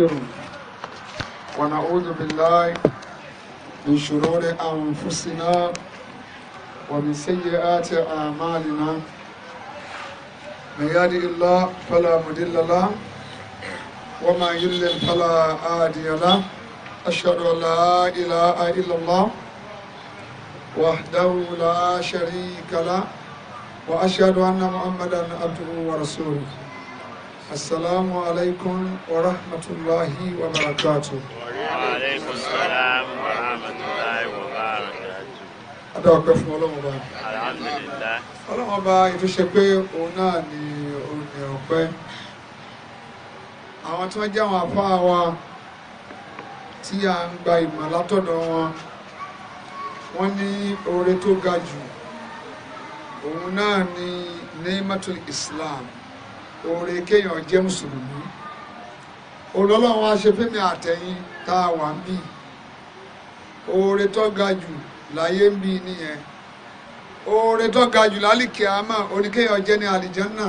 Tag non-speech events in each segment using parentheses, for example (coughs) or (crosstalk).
ونعوذ بالله من شرور أنفسنا ومن سيئات أعمالنا من يهد الله فلا مضل له وما يضلل فلا هادي له أشهد أن لا إله إلا الله وحده لا شريك له وأشهد أن محمدا عبده ورسوله asalaamu alaykum wa rahmatulahi wa barakatu. wa aleykum salaam wa rahmatulahi wa barakatu. adáwọ̀pẹ́ fún ọlọ́run ọba. alhamdulilayi. ọlọ́run ọba ìtúnṣe pé òun náà ni a ń gba ìmọ̀ látọ̀dọ̀ wọn wọ́n ní oore tó ga jù òun náà ni neymatul islam oore kéèyàn jẹ́ mùsùlùmí olólọ́wọ́n aṣefẹ́mi àtẹ̀yìn tá a wà ń bì tó ga jù láyé ń bì nìyẹn tó ga jù lálìkè àmà oníkéèyàn jẹ́ ní àlìjánná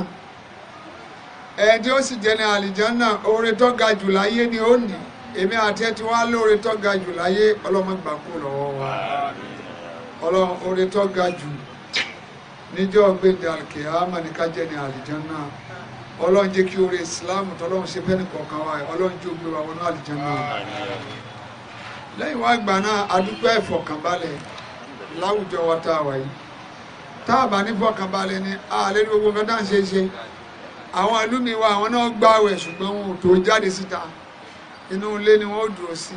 ẹni tí ó sì jẹ́ ní àlìjánná oore tó ga jù láyé ni ó ní èmi àti ẹ ti wá tó ga jù láyé ọlọ́mọ gbà lọ́wọ́ wa ọlọ́run tó ga jù níjọ́ gbèdé àlìkè àmà ní ká jẹ́ ní ọlọ́run jẹ́ kí oore islam tọ́lọ́run ṣe fẹ́ni kọ̀ọ̀kan wa ọlọ́run jẹ́ ògbé wa wọnú àlìjẹ́nà lẹ́yìn wá gbà náà adúgbò ìfọ̀kànbalẹ̀ láwùjọ wa tá a wà yìí tá a bá ní fọ̀kànbalẹ̀ ni àlẹ́ ní gbogbo nǹkan tá à ń ṣe ṣe àwọn àlùmí wa àwọn náà gbààwẹ̀ ṣùgbọ́n wọn ò tó jáde síta inú ilé ni wọ́n dúró sí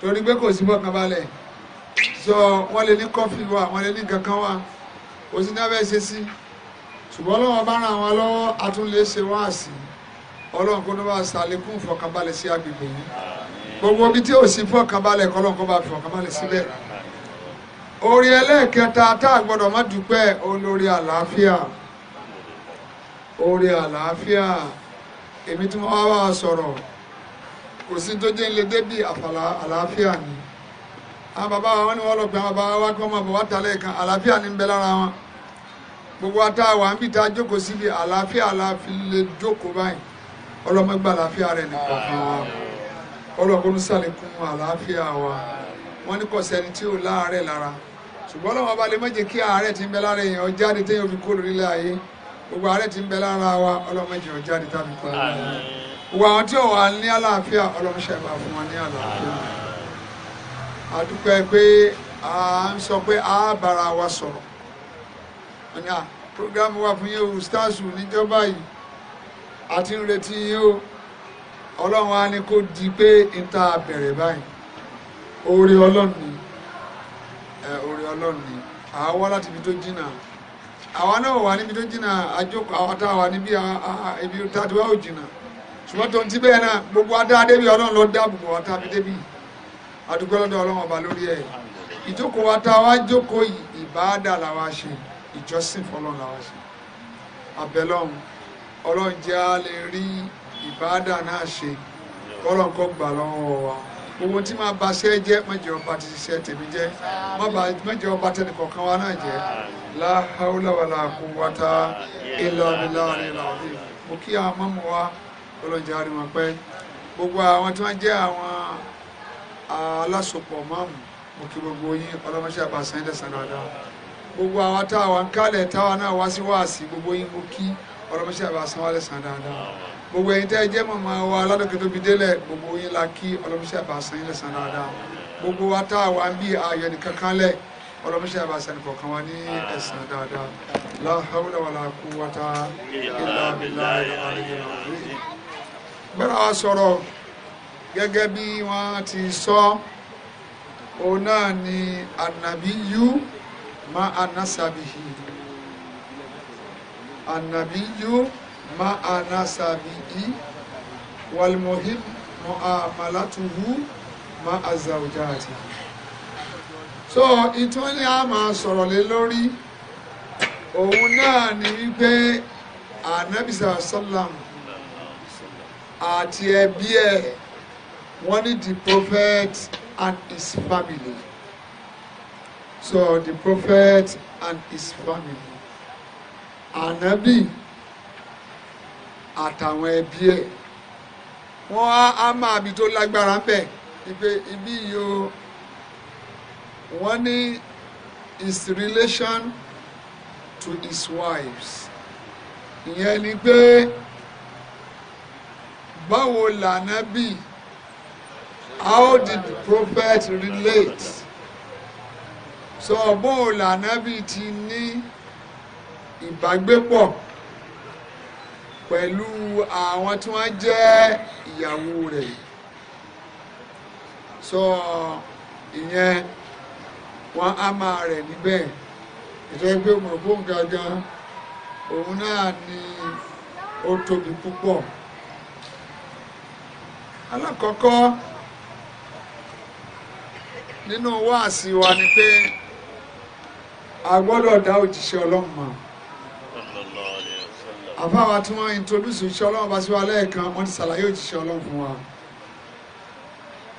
torí pé kò sí fọ̀kànbalẹ̀ sọ wọ́n lè ní kọ́fì wa wọ́n lè ní kankan wa òsínà ṣe sí. Si ṣùgbọ́n ọlọ́run bá ràn wọn lọ́wọ́ atúnlé ṣe wáàsí ọlọ́run kó ló bá ṣàlékún ìfọ̀kànbalẹ̀ sí agbègbè yìí gbogbo ibi tí ò sí fọ̀kànbalẹ̀ kọ́ lọ́run kó bá fọ̀kànbalẹ̀ síbẹ̀ orí ẹlẹ́ẹ̀kẹta tá a gbọ́dọ̀ má dúpẹ́ olórí àlàáfíà orí àlàáfíà èmi tí wọ́n wá sọ̀rọ̀ kò sí tó jẹ́ ilé débì àfàlà àlàáfíà ni àwọn bàbá wa wọn ni wọ́n lọ pé àwọn bàbá wa kọ́ ọmọ bọ̀ wá kan àlàáfíà ni ń bẹ lára wọn gbogbo ata wà ń bí ta jókòó síbi àlàáfíà la fi lè jókòó báyìí ọlọ́mọgbà àlàáfíà rẹ̀ nìkan fún wa ọlọ́gbọ́n sàlékún àlàáfíà wa wọ́n ní kò sẹ́ni tí ò láàárẹ̀ lára ṣùgbọ́n ọlọ́wọ́n bá lè má jẹ́ kí àárẹ̀ ti ń bẹ lára èèyàn jáde téèyàn fi kúrò nílé ayé gbogbo àárẹ̀ ti ń bẹ lára wa ọlọ́mọ jẹ́ jáde tàbí kúrò nílé ayé gbogbo àwọn tí ò wà ní àlàáfíà ọlọ́mọ ṣẹ̀bà fún wọn ní àlàáfíà àdúpẹ́ pé à ń sọ pé a bára wa sọ̀rọ̀ wọ́n programu wa fún yín o staasu níjọba yìí àti ń retí yín o ọlọ́run á ní kó di pé n ta bẹ̀rẹ̀ báyìí oore ọlọ́run ni oore ọlọ́run ni àá láti ibi tó jìnnà àwa náà wà níbi tó jìnnà àjókòó àwọn tá a wà níbi ibi tá a ti wá ò jìnnà ṣùgbọ́n tó ń ti bẹ́ẹ̀ náà gbogbo adáadébí ọlọ́run lọ dáàbòbò wa tá a fi débì àdúgbò lọ́dọ̀ ọlọ́run ọba lórí ẹ̀ ìjókòó wa tá a wá jókòó ìbáàdà làwa ṣe ìjọsìn fọlọ́run làwọn ṣe àbẹ̀lọ́run ọlọ́run jẹ́ á lè rí ìbáàdà náà ṣe kọ́lọ́n kó gbà lọ́wọ́ wa owó tí máa ba ṣẹ́ jẹ́ mẹ́jọ ọba ti ṣiṣẹ́ tèmi jẹ́ mẹ́jọ ọba tẹnì kọ̀ọ̀kan wa náà jẹ́ la hawla wala quwwata illa billahi al-azim mo kí àwọn mọ́mú wa ọlọ́run jẹ́ á rí wọn pẹ́ gbogbo àwọn tí wọ́n jẹ́ àwọn alásopọ̀ mọ́mú mo kí gbogbo yín ọlọ́mọṣẹ́ àbàṣẹ́ ẹ̀dẹ̀sán dáadáa gbogbo àwa táwa ń kálẹ̀ táwa náà wá sí wáàsí gbogbo yín mo kí ọlọ́mọṣẹ́ àbá san wálé san dáadáa gbogbo ẹ̀yin tẹ́ ẹ jẹ́ màmá wa aládọ́kẹ́ tóbi délẹ̀ gbogbo yín la kí ọlọ́mọṣẹ́ àbá san yín lẹ̀ san dáadáa gbogbo wa táwa ń bí ayọ̀ nìkan kan lẹ̀ ọlọ́mọṣẹ́ àbá san nìkan kan wá ní ẹ̀san dáadáa la hawla wala quwwata illa billahi aliyyil azim wa sọ̀rọ̀ gẹ́gẹ́ bí wọ́n ti ma anasabihi anabiyu ma anasabihi walmuhim mu'amalatuhu ma azawujati so ìtún ni a máa sọ̀rọ̀ lé lórí òun náà ni wípé anabisa sallam àti ẹbí ẹ wọ́n ní the prophet and his family. So the prophet and his family. Anabi, àtàwọn ẹbí ẹ̀. Wọ́n á á máa bi tó lágbára ń Ibi ibi yìí o. Wọ́n ní his relation to his wives. Ìyẹn ni pé báwo lànábì how did the prophet relate? sọ bó o lànàbí ti ní ìbágbépọ̀ pẹ̀lú àwọn tí wọ́n jẹ́ ìyàwó rẹ̀ sọ ìyẹn wọ́n á máa rẹ̀ níbẹ̀ ìtọ́gbẹ́ mọ̀gbọ́n gangan òun náà ni ó tóbi púpọ̀ alákọ̀ọ́kọ́ nínú wáàsí wa ni pé a gbọ́dọ̀ dá òjíṣẹ́ ọlọ́run mọ̀ àbáwa tí wọ́n introduce òjíṣẹ́ ọlọ́run bá sí wa lẹ́ẹ̀kan wọ́n ti ṣàlàyé òjíṣẹ́ ọlọ́run fún wa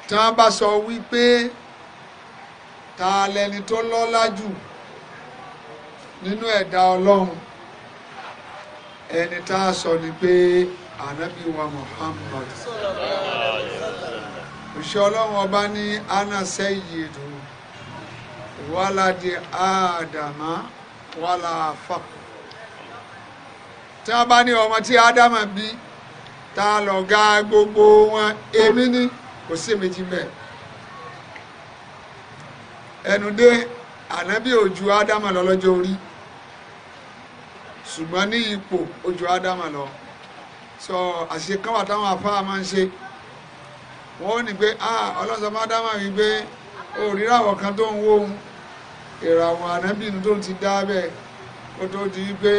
tí wọ́n bá sọ wípé ta lẹni tó lọ́lá jù nínú ẹ̀dá ọlọ́run ẹni tá a sọ ni pé ànábì wa Muhammad òjíṣẹ́ ọlọ́run ọba ní anasẹ́yìí dùn wàládì ádámà wàlá fàkù tí a bá ní ọmọ tí ádámà bí ta lọ̀gá gbogbo wọn èmi ní kò sí méjì bẹ́ẹ̀ ẹnu dé ànábì ojú ádámà lọ lọ́jọ́ orí ṣùgbọ́n ní ipò ojú ádámà lọ sọ àṣìṣe kan wà táwọn afárá máa ń ṣe wọ́n ní pé ah, ọlọ́sọ̀mọ́ ádámà wí pé òríràwọ̀ kan tó ń wó ohun ìràwọ̀ ànábì tó ti dá bẹ́ẹ̀ kó tó di pé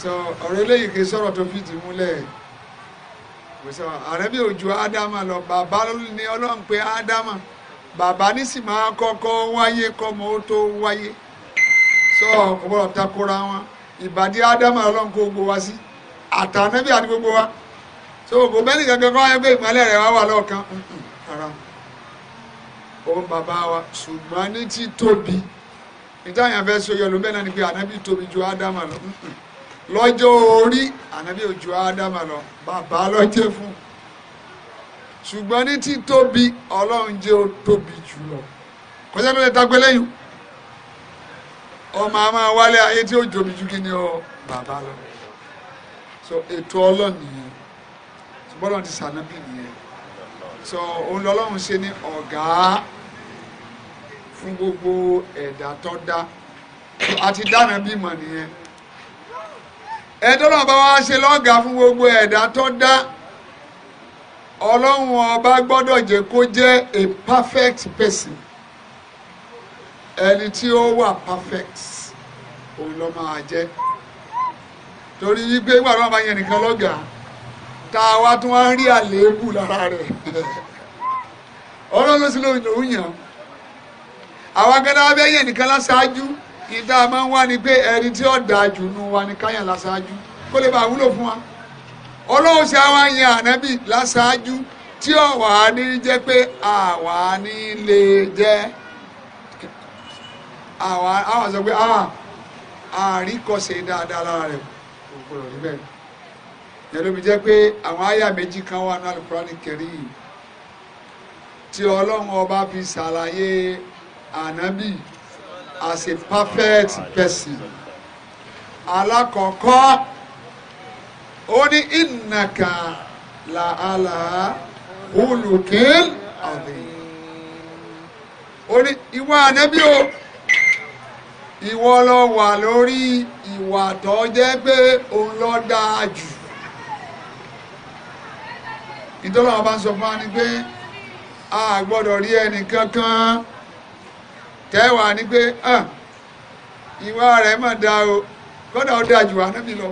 sọ ọ̀rọ̀ eléyìí kì í sọ̀rọ̀ tó fìdí múlẹ̀ sọ ànábì òjò ádámà lọ bàbá ní ọlọ́run pé ádámà bàbá ní sì máa kọ́kọ́ wáyé kọ́mọ ó tó wáyé sọ ọ̀pọ̀lọpọ̀ takora wọn ìbàdí ádámà ọlọ́run kó gbogbo sí àtànábì àti gbogbo wa so gbogbo bẹ́ẹ̀ ni gẹ́gẹ́ kọ́ ẹ pé ìmọ̀lẹ́ rẹ̀ wá wà lọ́ọ̀kan rárá òun bàbá wa ṣùgbọ́n ní tí tóbi ìtàyàn fẹ́ so yọlù bẹ́ẹ̀ náà ni pé ànábì tóbi ju ádámà lọ (laughs) lọ́jọ́ orí ànábì ò ju ádámà lọ bàbá lọ́jọ́ fún ṣùgbọ́n ní tí tóbi ọlọ́run jẹ́ ó tóbi jù lọ kọjá tó lè tagbé lẹ́yìn ọmọ àmọ́ wálé ayé tí ó tóbi jù kí ọ bàbá lọ so ètò ọlọ́run nìyẹn ṣùgbọ́n ọlọ́run ti sànábì nìyẹn so òun lọ́lọ́run ṣe ní ọ̀gá fún gbogbo ẹ̀dá tó dá àti dáná bímọ nìyẹn ẹ̀dọ́nà bá wá ṣe lọ́gàá fún gbogbo ẹ̀dá tó dá ọlọ́run ọba gbọ́dọ̀ jẹ́ kó jẹ́ a perfect person ẹni tí ó wà perfect òun ló máa jẹ́ torí wípé gbàdúrà bá yẹn nìkan lọ́gàá tá a wá tún wá ń rí àléébù lára rẹ̀. ọlọ́run ló sì lóyún òun yàn àwọn akẹ́kọ̀ọ́ abẹ́ yẹn nìkan láṣáájú ìdá máa ń wá ni pé ẹni tí ó dáa jù nù wa ni káyàn láṣáájú kó lè bá wúlò fún wa ọlọ́run ṣe àwọn yẹn ànábì láṣáájú tí ó wà á ní jẹ́ pé àwa ní lè jẹ́ àwa sọ pé àríkọ̀ṣe dáadáa lára rẹ̀ kò gbọdọ̀ níbẹ̀ yẹn ló fi jẹ́ pé àwọn tí ọlọ́run ọba fi ṣàlàyé ànábì as a perfect person alákọ̀ọ́kọ́ ó ní ìnàkà làálà olùkín àbẹ̀ ó ní ìwà ànábì o ìwọ ló wà lórí ìwà tó jẹ́ pé òun ló dáa jù ìtọ́lọ́wọ́ bá ń sọ fún wa ni pé a gbọ́dọ̀ rí ẹnìkankan tẹ́wà ní pé ìwà rẹ̀ mà dá o gbọ́dọ̀ ó dájú ànábì lọ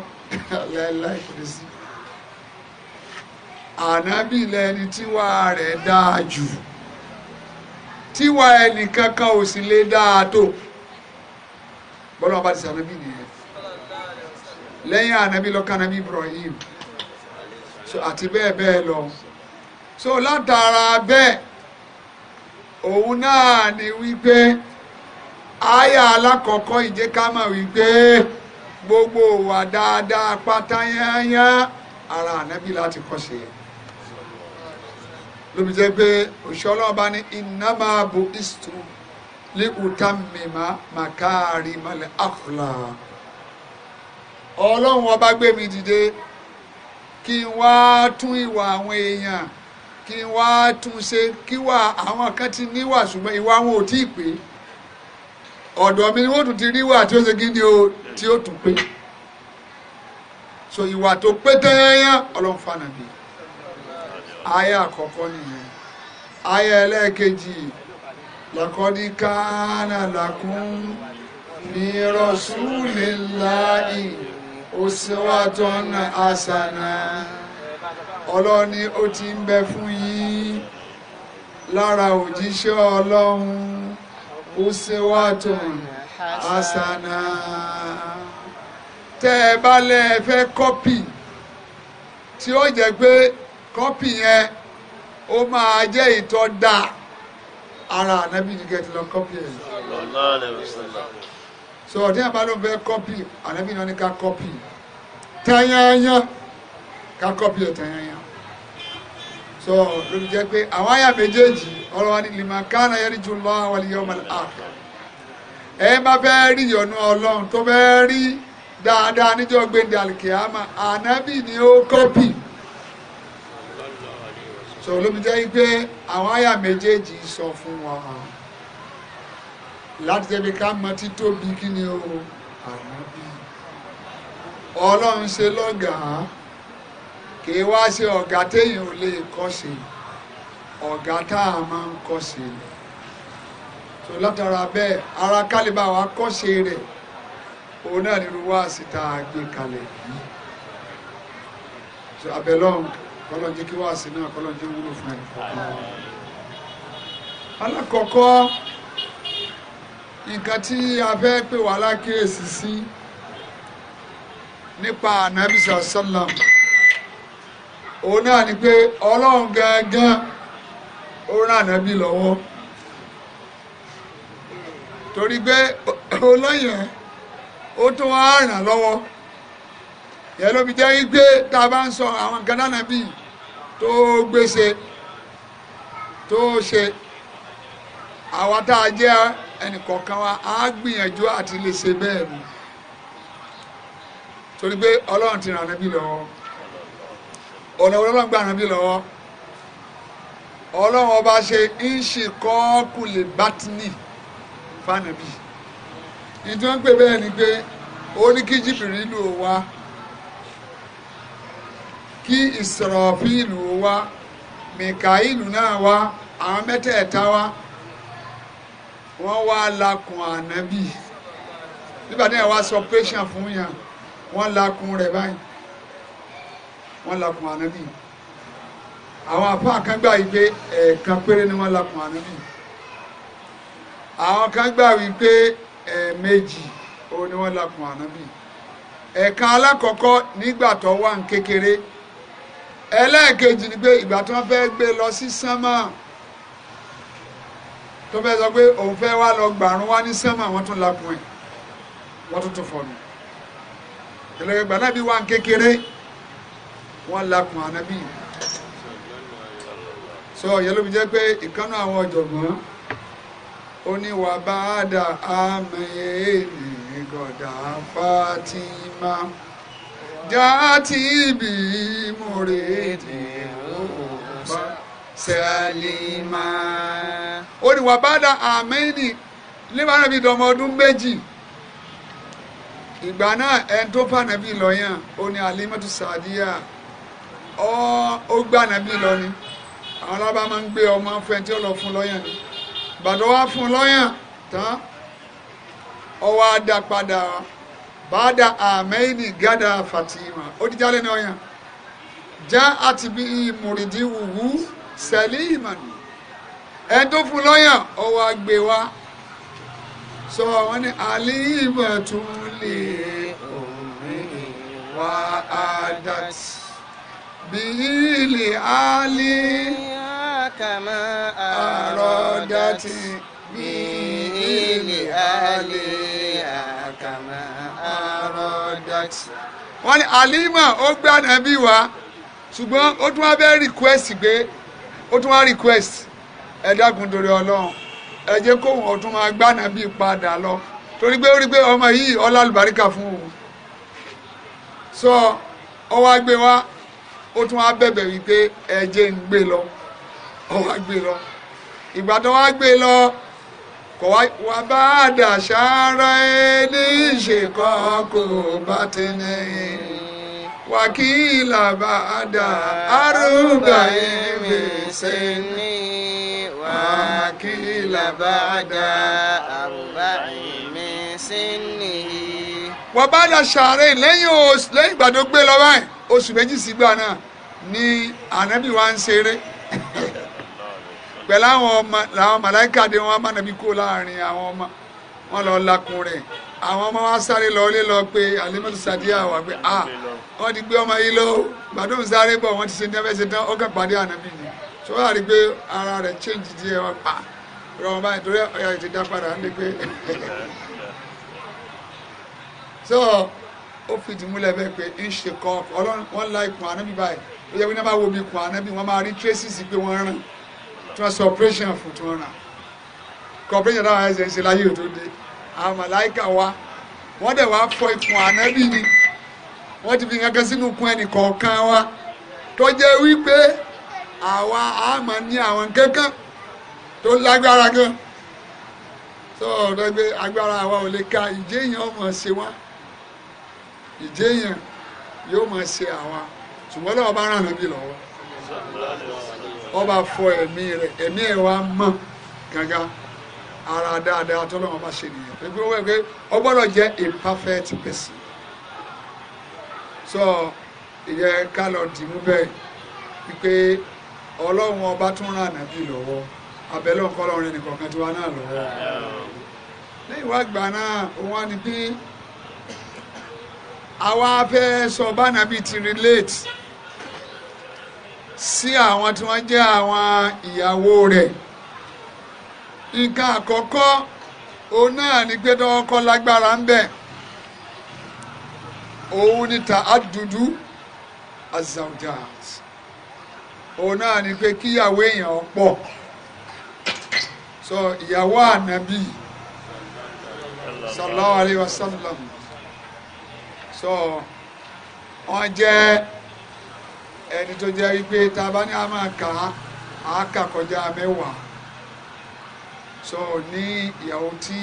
láìláì (laughs) kò sí ànábì lẹni tíwà rẹ̀ dáa jù tíwà ẹnìkankan ò sì lè dáa tó bọ́lá bá ti sànábì nìyẹn lẹ́yìn ànábì lọ́kàn ànábì Ibrahim àti bẹ́ẹ̀ bẹ́ẹ̀ lọ so látara bẹ́ẹ̀ òun náà ni wípé àyà alákọ̀ọ́kọ́ ìjẹ́ ká mọ̀ wípé gbogbo wa dáadáa pátá yányá ara ànábì láti kọ́ sí i lóbi jẹ́ pé òṣìṣẹ́ ọlọ́run bá ní iná máa bo istu líkùtà mímá màkàrí malẹ̀ àkùlà ọlọ́run ọba gbé mi dìde kí n wá tún ìwà àwọn èèyàn kí n wá tún ṣe kíwà àwọn kan ti níwà ṣùgbọ́n ìwà wọn ò tí ì pé ọ̀dọ̀ mi ni wọ́n tún ti ríwà tí ó ṣe gíní o tí ó tún pé so ìwà tó pé tẹ́yẹ́yẹ́ ọlọ́run fànàbí ayé àkọ́kọ́ nìyẹn ayé ẹlẹ́ẹ̀kejì làkọ́dí kánà làkún ní rọ̀ṣúlélá ì òṣèwàtọ́nà àṣànà ọlọ́run ni ó ti ń bẹ fún yín lára òjíṣẹ́ ọlọ́run usewatun hasana tẹ́ ẹ bá lẹ́ ẹ fẹ́ kọ́pì tí ó jẹ́ pé kọ́pì yẹn ó máa jẹ́ ìtọ́ dáa ara ànábì ní kẹ́ lọ kọ́pì ẹ̀. so ọ̀dẹ́ àbálò fẹ́ kọ́pì ànábì náà ní ká kọ́pì tẹ́yẹ́yẹ́ ká kọ́pì ẹ̀ tẹ́yẹ́yẹ́ so ló fi jẹ́ pé àwọn àyà méjèèjì ọlọ́wà ní lima kánà yẹrí ju lọ́wọ́ wal yawmal akhir ẹ bá fẹ́ rí ìyọnu ọlọ́run tó fẹ́ rí dáadáa níjọ́ gbèndé àlìkèámà ànábì ni ó kọ́pì so ló fi jẹ́ pé àwọn àyà méjèèjì sọ fún wa láti tẹ̀bi ká mọ títóbi kí ni o ànábì ọlọ́run ṣe lọ́gàá kìí wá ṣe ọ̀gá téèyàn ò lè kọ́ sí ọ̀gá tá a máa ń kọ́ sí rẹ̀ tó látara bẹ́ẹ̀ ara kálíbà wa kọ́ sí rẹ̀ òun náà nínú wá síta gbé kalẹ̀ yìí so abẹ́lọ́n kọ́lọ́njẹ́ kí wá sí náà kọ́lọ́njẹ́ wúlò fún ẹ̀ kọ́kọ́ alákọ̀ọ́kọ́ nǹkan tí a fẹ́ pè wá lákèésí sí nípa ànábìsà sọ́lọ́mù. òun náà ni pé ọlọ́run gangan ó rán ànábì lọ́wọ́ torí pé olóyìn ó tún wá ràn lọ́wọ́ yẹn ló fi jẹ́ wípé tá a bá ń sọ àwọn kan dáná bíi tó gbèsè tó ṣe àwa tá a jẹ́ ẹnìkọ̀ọ̀kan wa á gbìyànjú àti lè ṣe bẹ́ẹ̀ ni torí pé ọlọ́run ti ràn ànábì lọ́wọ́. ọ̀nà ọlọ́run gbà ràn mí lọ́wọ́ ọlọ́run ọba ṣe ń ṣe kọ́ọ́kù lè bátìní fànàbí ìdí pè bẹ́ẹ̀ ni pé ó ní kí jìbìrì lò wá kí ìsọ̀rọ̀fíìlù wá mìkàílù náà wá àwọn mẹ́tẹ̀ẹ̀ta wá wọ́n wá lakùn ànábì nígbà tí wọ́n wá sọ pẹ́ṣàn fún yàn wọ́n lakùn rẹ̀ báyìí wọ́n lakùn ànábì àwọn àfáà kan gbà wípé ẹ̀ẹ̀kan péré ni wọ́n lakùn ànábì àwọn kan gbà wípé ẹ̀ẹ̀mejì òun ni wọ́n lakùn ànábì ẹ̀ka alákọ̀ọ́kọ́ nígbà tó wà ń kékeré ẹlẹ́ẹ̀kejì ni pé ìgbà tí wọ́n fẹ́ gbé lọ sí sánmà tó fẹ́ sọ pé òun fẹ́ wá lọ gbàrún wá ní sánmà wọ́n tún lakùn ẹ̀ wọ́n tún tún fọ̀nù ìlọ́gbà náà bí wà ń kékeré wọ́n lakùn ànábì so yẹn ló fi jẹ́ pé ìkànnà àwọn ọ̀jọ̀gbọ́n ó ní wà bá a dà àmẹ́yẹ ènìyàn gọ̀dà Fátímà jáàtì ibi mòrèdè ọ̀fà sẹ́límà. ó ní wà bá a dà àmẹ́yẹ nígbà náà fi dọ̀mọ ọdún méjì ìgbà náà ẹni tó fànàbí lọ́yàn ó ní alimatu sadiya ó gbà nàbí lọ ni àwọn alábà máa ń gbé ọmọ fún tí ó lọ fún lọ́yàn ni bàdọ́ wá fún lọ́yàn tán ọwọ́ adá padà bàdà àmẹ́yìnì gádà Fatima ó ti jálẹ̀ ní ọyàn já àti bí mùrìdí wùwú sẹ́líìmànì ẹni tó fún lọ́yàn ọwọ́ agbè wa sọ wọn ni àlìyìnbọn tún lè omi wá àdàtì bihili ali kama arodati bihili ali kama arodati. wọ́n ní alima ó gbé ànábì wá ṣùgbọ́n ó tún wá bẹ́ẹ̀ request gbé ó tún wá request ẹ dákun torí ọlọ́run ẹ jẹ́ kóun ó tún máa gbé ànábì padà lọ torí pé ó rí pé ọmọ yìí ọlá àlùbáríkà fún òun sọ ọ wá gbé wá ó tún wá bẹ̀bẹ̀ wípé ẹ̀jẹ̀ ń gbé lọ ó wá gbé lọ ìgbà tó wá gbé lọ kò wá bá dàṣàrà ẹni ìṣèkan kò bá ti ní wàkìlà bá dà arúgbà ẹ̀mí ṣe ní wàkìlà bá dà arúgbà ẹ̀mí ṣe ní. wọ́n bá dàṣàrà lẹ́yìn ìgbà tó gbé lọ báyìí oṣù méjì sígbà náà ní ànábì wa ń ṣeré pẹ̀lú àwọn ọmọ làwọn màláìka dé wọn bá nàbí kó láàrin àwọn ọmọ wọn lọ lakun rẹ̀ àwọn ọmọ wa sáré lọ ilé lọ pé alimọ́tò sadiya wà pé a wọ́n ti gbé ọmọ yìí lọ gbàdúrà sáré bọ̀ wọ́n ti ṣe ní ẹbẹ̀ ṣe tán ó kà pàdé ànábì yìí tó wà rí pé ara rẹ̀ change díẹ̀ wọn pa rọrùn báyìí torí ọ̀yà ti dá padà ní pé (laughs) so ó fìdí múlẹ̀ bẹ́ẹ̀ pé ń ṣe kọ́ ọlọ́run wọn láìpọ̀ ànábì báyìí ó yẹ kí wọ́n bá wo omi kọ́ ànábì wọ́n máa rí traces pé wọ́n ràn tí wọ́n sọ operation fún tí wọ́n ràn kọ́ operation táwọn ẹ̀sẹ̀ ń ṣe láyé òtó dé àwọn màláìkà wa wọ́n dẹ̀ wá fọ ikùn ànábì ni wọ́n ti fi kankan sínú kun ẹnì kọ̀ọ̀kan wa tó jẹ́ wípé àwa a máa ní àwọn kankan tó lágbára gan tó ọ̀rọ̀ gbé agbára àwa ò lè ka ìjéèyàn ọmọ ṣe wá ìjéèyàn yóò máa ṣe àwa ṣùgbọ́n lọ́wọ́ bá ràn nábì lọ́wọ́ ọba fọ ẹ̀mí rẹ̀ ẹ̀mí ẹ̀ wá mọ̀ gángan ara dáadáa tó lọ́wọ́ bá ṣe nìyẹn pé bí wọ́n pé ọ gbọ́dọ̀ jẹ́ a perfect person so ìyẹn ká lọ dìmú bẹ́ẹ̀ wípé ọlọ́run ọba tún ràn nábì lọ́wọ́ abẹ́lẹ́ ọ̀kọ́lọ́rin nìkan kan tí wá náà lọ́wọ́ lẹ́yìn wá gbà náà òun á ní bí àwa fẹ́ sọ bánàbí ti relate sí àwọn tí wọ́n jẹ́ àwọn ìyàwó rẹ̀ nǹkan àkọ́kọ́ òun náà ni pé tọ́kọ́ lágbára ń bẹ̀ òun ni ta àdúdú azawjat òun náà ni pé kíyàwó èèyàn pọ̀ so ìyàwó ànábì sallallahu alayhi wa so wọ́n jẹ́ ẹni tó jẹ́ wípé tá a bá ní a máa kà á kà kọjá mẹ́wàá so ní ìyàwó tí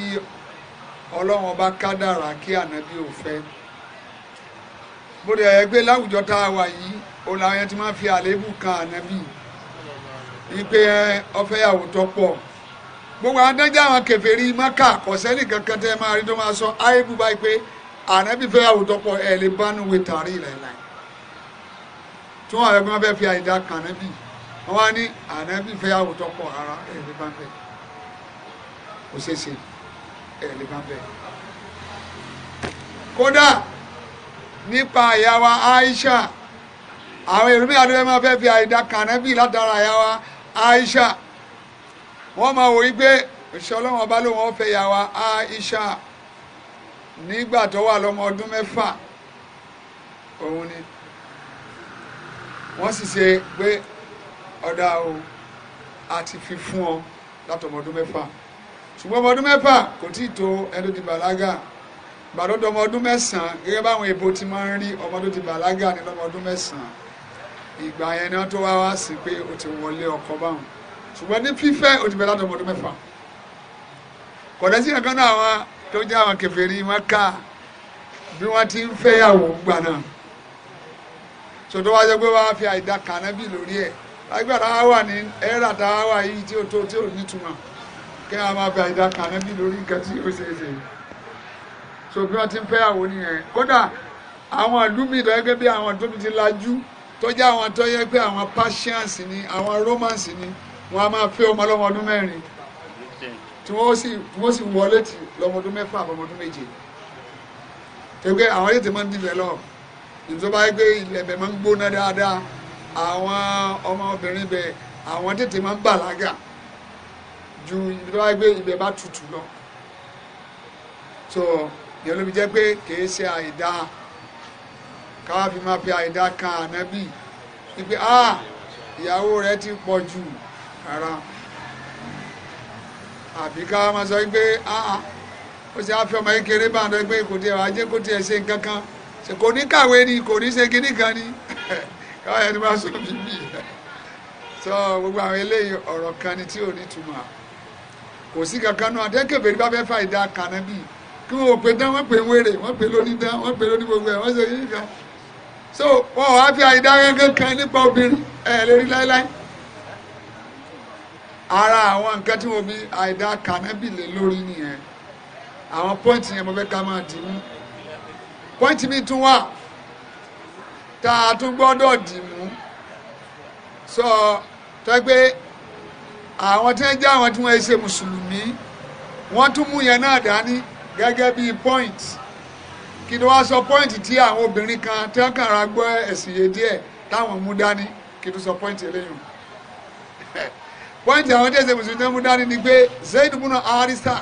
ọlọ́run ọba kádàrá kí ànábì ò fẹ́ bóde ẹ̀ láwùjọ tá a wà yìí òun làwọn yẹn ti máa fi àléébù kan ànábì wípé ọfẹ́yàwó tó pọ̀ gbogbo adájọ́ àwọn kèfèrí maka kọ̀sẹ́nì kankan tẹ́ máa rí tó máa sọ ayébù báyìí pé ànábì fẹ́yàwó tó pọ̀ ẹ̀ lè bá nu wetari láìláì tí wọ́n rẹ̀ pé wọ́n fẹ́ fi àìdá kan ànábì wọ́n wá ní ànábì fẹ́yàwó tó pọ̀ rárá bá ń bẹ̀ kò ṣeé ṣe bá ń bẹ̀. kódà nípa ìyàwó Aisha àwọn èrò mi àdúgbò máa fẹ́ fi àìdá kan ànábì látara ìyàwó Aisha wọ́n máa wò yí pé òṣìṣẹ́ ọlọ́run ọba ló wọ́n Aisha nígbà tó wà lọ́mọ ọdún mẹ́fà òun ni wọ́n sì ṣe pé ọ̀dà o a ti fi fún ọ látọmọ ọdún mẹ́fà ṣùgbọ́n ọmọ ọdún mẹ́fà kò tí ì tó ẹni tó ti bàlágà gbàdọ́dọ̀ ọmọ ọdún mẹ́sàn-án gẹ́gẹ́ báwọn èbó ti máa ń rí ọmọ tó ti bàlágà ní lọ́mọ ọdún mẹ́sàn-án ìgbà yẹn ni wọ́n tó wá wá sí pé o ti wọlé ọkọ báwọn ṣùgbọ́n ní fífẹ́ o ti bẹ̀ látọmọ ọdún mẹ́fà kọ̀dẹ́ sí ẹ̀kan náà àwọn tó jẹ́ àwọn kèfèrí Mákà bí wọ́n ti ń fẹ́yàwó gbà náà sòtò wá jẹ́ pé wá fi àìdá kànábì lórí ẹ̀ lágbà a wà ní ẹ̀rà tá a wà yìí tí ó tó tí ò nítumọ̀ kí wọ́n máa fi àìdá kànábì lórí nǹkan tí ó ṣe é ṣe so bí wọ́n ti ń fẹ́yàwó nìyẹn kódà àwọn ìlú mi tó gẹ́gẹ́ bí àwọn tó ti lajú tó jẹ́ àwọn tó yẹ pé àwọn patience ni àwọn romance ni wọ́n á máa fẹ́ ọmọ ọlọ́mọ ọdún mẹ́rin tí wọ́n sì wọ́n sì wọlé tì lọ́mọ ọdún mẹ́fà àbọ̀mọ ọdún méje tẹ̀wé àwọn yóò ti máa ń develop nítorí báyìí pé ilẹ̀ bẹ̀ máa ń gbóná dáadáa àwọn ọmọbìnrin bẹ̀ àwọn tètè máa ń bàlágà ju nítorí báyìí pé ibẹ̀ bá tutù lọ so ìyẹn ló fi jẹ́ pé kìí ṣe àìdá káwá fi máa fi àìdá kan ànábì wípé ah ìyàwó rẹ ti pọ̀ jù rárá àbí káwá máa sọ wípé ah ó ṣe á fi ọmọ kékeré bá àdó pé kò tiẹ̀ wá jẹ́ kó tiẹ̀ ṣe nǹkan kan kò ní kàwé ni kò ní ṣe kíní kan ni (laughs) káwọn ẹni máa sọ bíbí sọ gbogbo àwọn eléyìí ọ̀rọ̀ kan ni tí ò ní túmọ̀ kò sí kankan náà àtẹ́kẹ̀bẹ̀ ní bá fẹ́ fà ìdá kaná bíi kí wọn ò pe dán wọn pe wéré wọn pe lóní dán wọn pe lóní gbogbo ẹ wọn ṣe yín kan so wọn wàá fi àìdá kankan kan nípa obìnrin ẹ lè rí láéláé ara àwọn nǹkan tí wọn fi àìdá kaná bíi lè lórí nìyẹn àwọn pọ́ǹtì yẹn mo fẹ́ ká máa dì mú. Point mi tún wà tá a tún gbọ́dọ̀ dì mú sọ tọ́ pé àwọn tí wọ́n jẹ́ àwọn tí wọ́n ṣe mùsùlùmí wọ́n tún mú yẹn náà dání gẹ́gẹ́ bíi point kí ló wá sọ point tí àwọn obìnrin kan tí wọ́n kàn ra gbọ́ ẹ̀sìn yé díẹ̀ táwọn mú dání kí ló sọ point eléyìí (laughs) point àwọn tí wọ́n ṣe mùsùlùmí náà mú dání ni pé Zaid ibn Harisa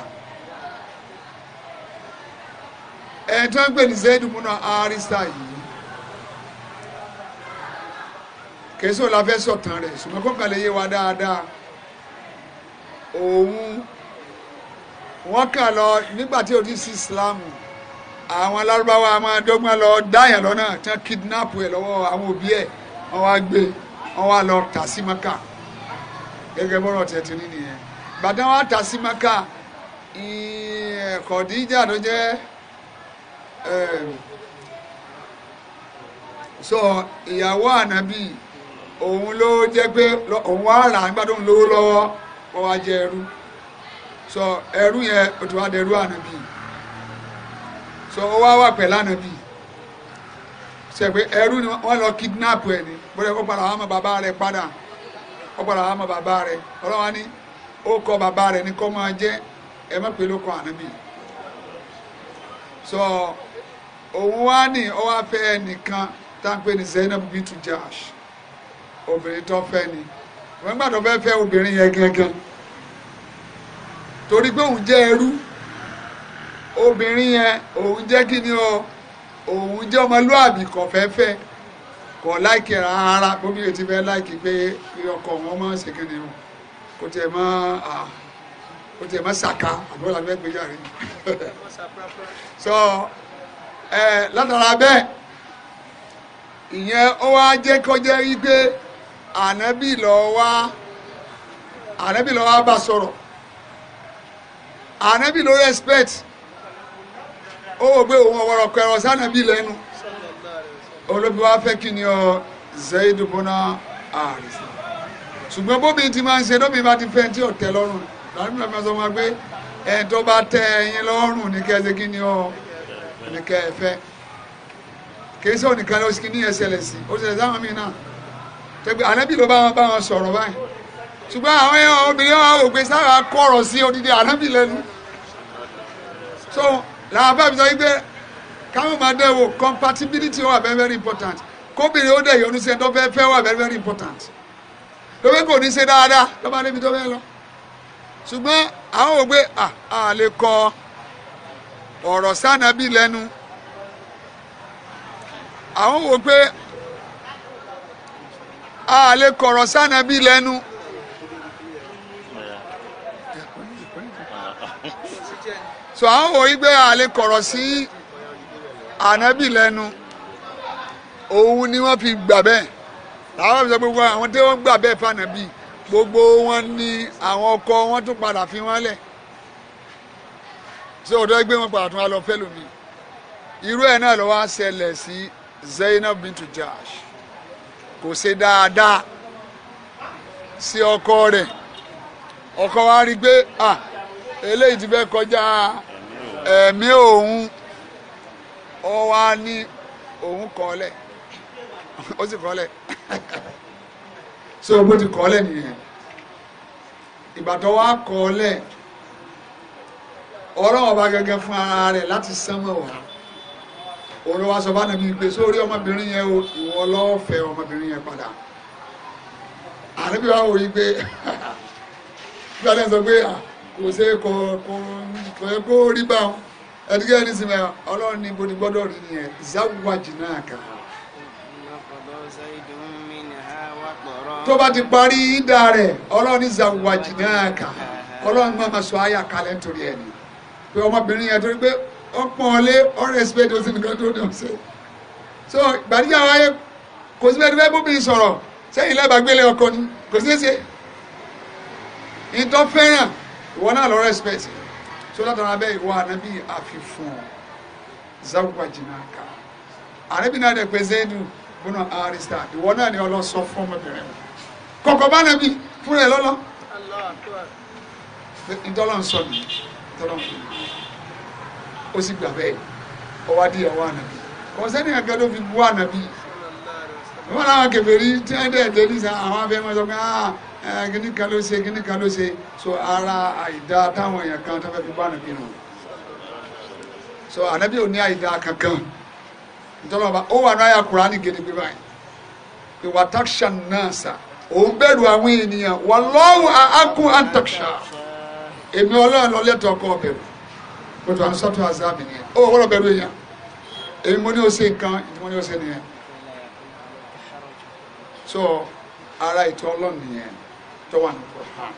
ẹni eh, tí wọ́n ń pè ní Zaid múná arista yìí kèésò la fẹ́ sọ̀tàn rẹ̀ ṣùgbọ́n kó kàn yé wa dáadáa òun wọ́n kà lọ nígbà tí o ti sí Islam àwọn alárúbáwá máa dọ́gbọ́n lọ dáyà lọ́nà tí wọ́n kidnap ẹ̀ lọ́wọ́ àwọn òbí ẹ̀ wọ́n wá gbé wọ́n wá lọ tà sí Maka gẹ́gẹ́ bọ́rọ̀ tẹ̀ ti rí nìyẹn gbàdán wá tà sí Maka Khadija tó jẹ́ Ehm, sọ ìyàwó ànábì òun ló jẹ́ pé òun wá rà nígbà lówó lọ́wọ́ wọ́n wá jẹ ẹrú sọ ẹrú yẹn ó ti wá dẹrú ànábì sọ ó ni wọ́n lọ kidnap ẹ̀ ni bóyá ó padà wá mọ bàbá rẹ̀ padà ó padà wá mọ bàbá rẹ̀ ọlọ́wọ́n ó kọ bàbá rẹ̀ ní So, òun wá ní ó wá fẹ́ ẹnìkan tá à ń pè ní Zainab bintu Jahsh obìnrin tó fẹ́ ni wọ́n gbàdọ̀ fẹ́ fẹ́ obìnrin yẹn gangan torí pé òun jẹ́ ẹrú obìnrin yẹn òun jẹ́ kí ni o òun jẹ́ ọmọlúàbí kò fẹ́ fẹ́ kò láìkì e rárá gómìnà ti fẹ́ láìkì pé ọkọ wọn máa ń ṣe kí ni o kò tiẹ̀ mọ́ kò tiẹ̀ mọ́ sàkà àbúrò làbẹ́ gbéjà rí so ẹ látara bẹ́ẹ̀ ìyẹn ó wá jẹ́ kọjá yí pé ànábì lọ wá ànábì lọ wá bá sọ̀rọ̀ ànábì ló respect ó wò pé òun ọ̀wọ́rọ̀ pẹ̀rọ sànábì lẹ́nu olóbi wa fẹ́ kí ni ọ zayidu bọ́nà àrísà ṣùgbọ́n bóbi ti máa ń ṣe lóbi bá ti fẹ́ tí ò lọ́rùn lànà mi lọ́ọ́ fi sọ wọn pé ẹ̀ bá tẹ́ ẹyin lọ́rùn ní kẹ́sẹ́ kí ni ọ ẹnìkẹ́ ẹ fẹ́ kìí sọ nìkan ló sì ní ẹsẹ̀lẹ̀ sí ó ṣẹlẹ̀ sáwọn míì náà tẹgbẹ́ ànábì ló bá wọn bá wọn sọ̀rọ̀ báyìí ṣùgbọ́n àwọn èèyàn obìnrin wọn ò gbé sára so làwọn bá mi sọ wípé káwọn máa wo compatibility wà very very important kóbìnrin ó dẹ̀ yọnu sí ẹ tó fẹ́ very very important lóbi kò ní ṣe dáadáa lọ́ba débi tó fẹ́ lọ ṣùgbọ́n àwọn ò gbé à ọ̀rọ̀ sànàbí lẹ́nu àwọn wò pé a lè kọ̀rọ̀ sànàbí lẹ́nu. so àwọn wò yí pé a lè kọ̀rọ̀ sí ànábì lẹ́nu òun ni wọ́n fi gbà bẹ́ẹ̀ làwọn fi sọ gbogbo àwọn tí wọ́n gbà bẹ́ẹ̀ fànàbí gbogbo wọn ni àwọn ọkọ wọn tún padà fi wọn lẹ̀ so ọ̀dọ́ ẹgbẹ́ wọn padà tún wá lọ fẹ́ lómi irú ẹ̀ náà ló wá ṣẹlẹ̀ sí Zainab bintu Jahsh kò ṣe dáadáa sí ọkọ rẹ̀ ọkọ wa rí i pé ah eléyìí ti fẹ́ kọjá ẹ̀mí òun ọ wá ní òun kọ́lẹ̀ ó sì kọ́lẹ̀ (laughs) so bó ti kọ́lẹ̀ nìyẹn ìgbà wa wá ọlọ́run ọba gẹ́gẹ́ fún ara rẹ̀ láti sánmọ̀ wá olùwà sọ bá nàbí pé sórí ọmọbìnrin yẹn o ìwọ lọ́ọ̀fẹ́ ọmọbìnrin yẹn padà àdébí wa wòye pé (laughs) bí wọ́n sọ pé kò ṣe kò kò kò yẹ kó rí bá wọn ẹ̀dígẹ́ ní sinmi ọlọ́run ní bó ni gbọ́dọ̀ rí nìyẹn ìzáwájì náà kà tó bá ti parí ìdá rẹ̀ ọlọ́run ní ìzáwájì náà kà á ọlọ́run máa ma sọ àyà kalẹ̀ nítorí ẹ̀ ni. pé ọmọbìnrin yẹn torí pé ọpọ́n ọlé ọ̀rẹ́sìpẹ́ tó sì nìkan tó dùn sí. so gbàdúgbà wáyé kò sí bẹ́ẹ̀ bóbìnrin sọ̀rọ̀ sẹ́yìn lẹ́bàgbélé ọkọ ni kò sí ṣe ìtọ́ fẹ́ràn ìwọ náà lọ rẹ́sìpẹ́tì tó látara bẹ́ẹ̀ ìwọ ànábì àfihàn zawuba jìnnàkà ànábì náà dẹ̀ pé zaidu bùnà àrísà ìwọ náà ni ọlọ́sọ fún ọmọbìnrin kọ̀kọ̀ bá nàbì fúnra ẹ̀ lọ́lọ́ ìtọ́lọ́ ń sọ nìyí tọ́lọ́ fún mi ó sì gbà bẹ́ẹ̀ ọwá di ìyàwó ànàbí kọ́sẹ́nì kankan ló fi bu ànàbí wọn làwọn kèfèrí tí wọn dẹ̀ dé ní sàn àwọn abẹ́ wọn sọ pé ah kíní kan ló ṣe kíní kan ló ṣe so ara àìdá táwọn èèyàn kan tó fẹ́ fi bá ànàbí nù so ànàbí ò ní àìdá kankan nítorí ọba ó wà ní àyà Kùránì gẹ́gẹ́ bí báyìí ìwà taksha náà sà òun bẹ̀rù àwọn ènìyàn wallahu àákú àtàkṣà èmi ọlọ́run lọ lẹ́tọ̀ ọkọ bẹ̀rù kótó à ń sọ́tọ̀ àzá mi nìyẹn ó wọ́n bẹ̀rù èèyàn èmi mo ní o ṣe nǹkan èmi mo ní o ṣe nìyẹn so ara ìtọ́ ọlọ́run nìyẹn tó wà ní kòhán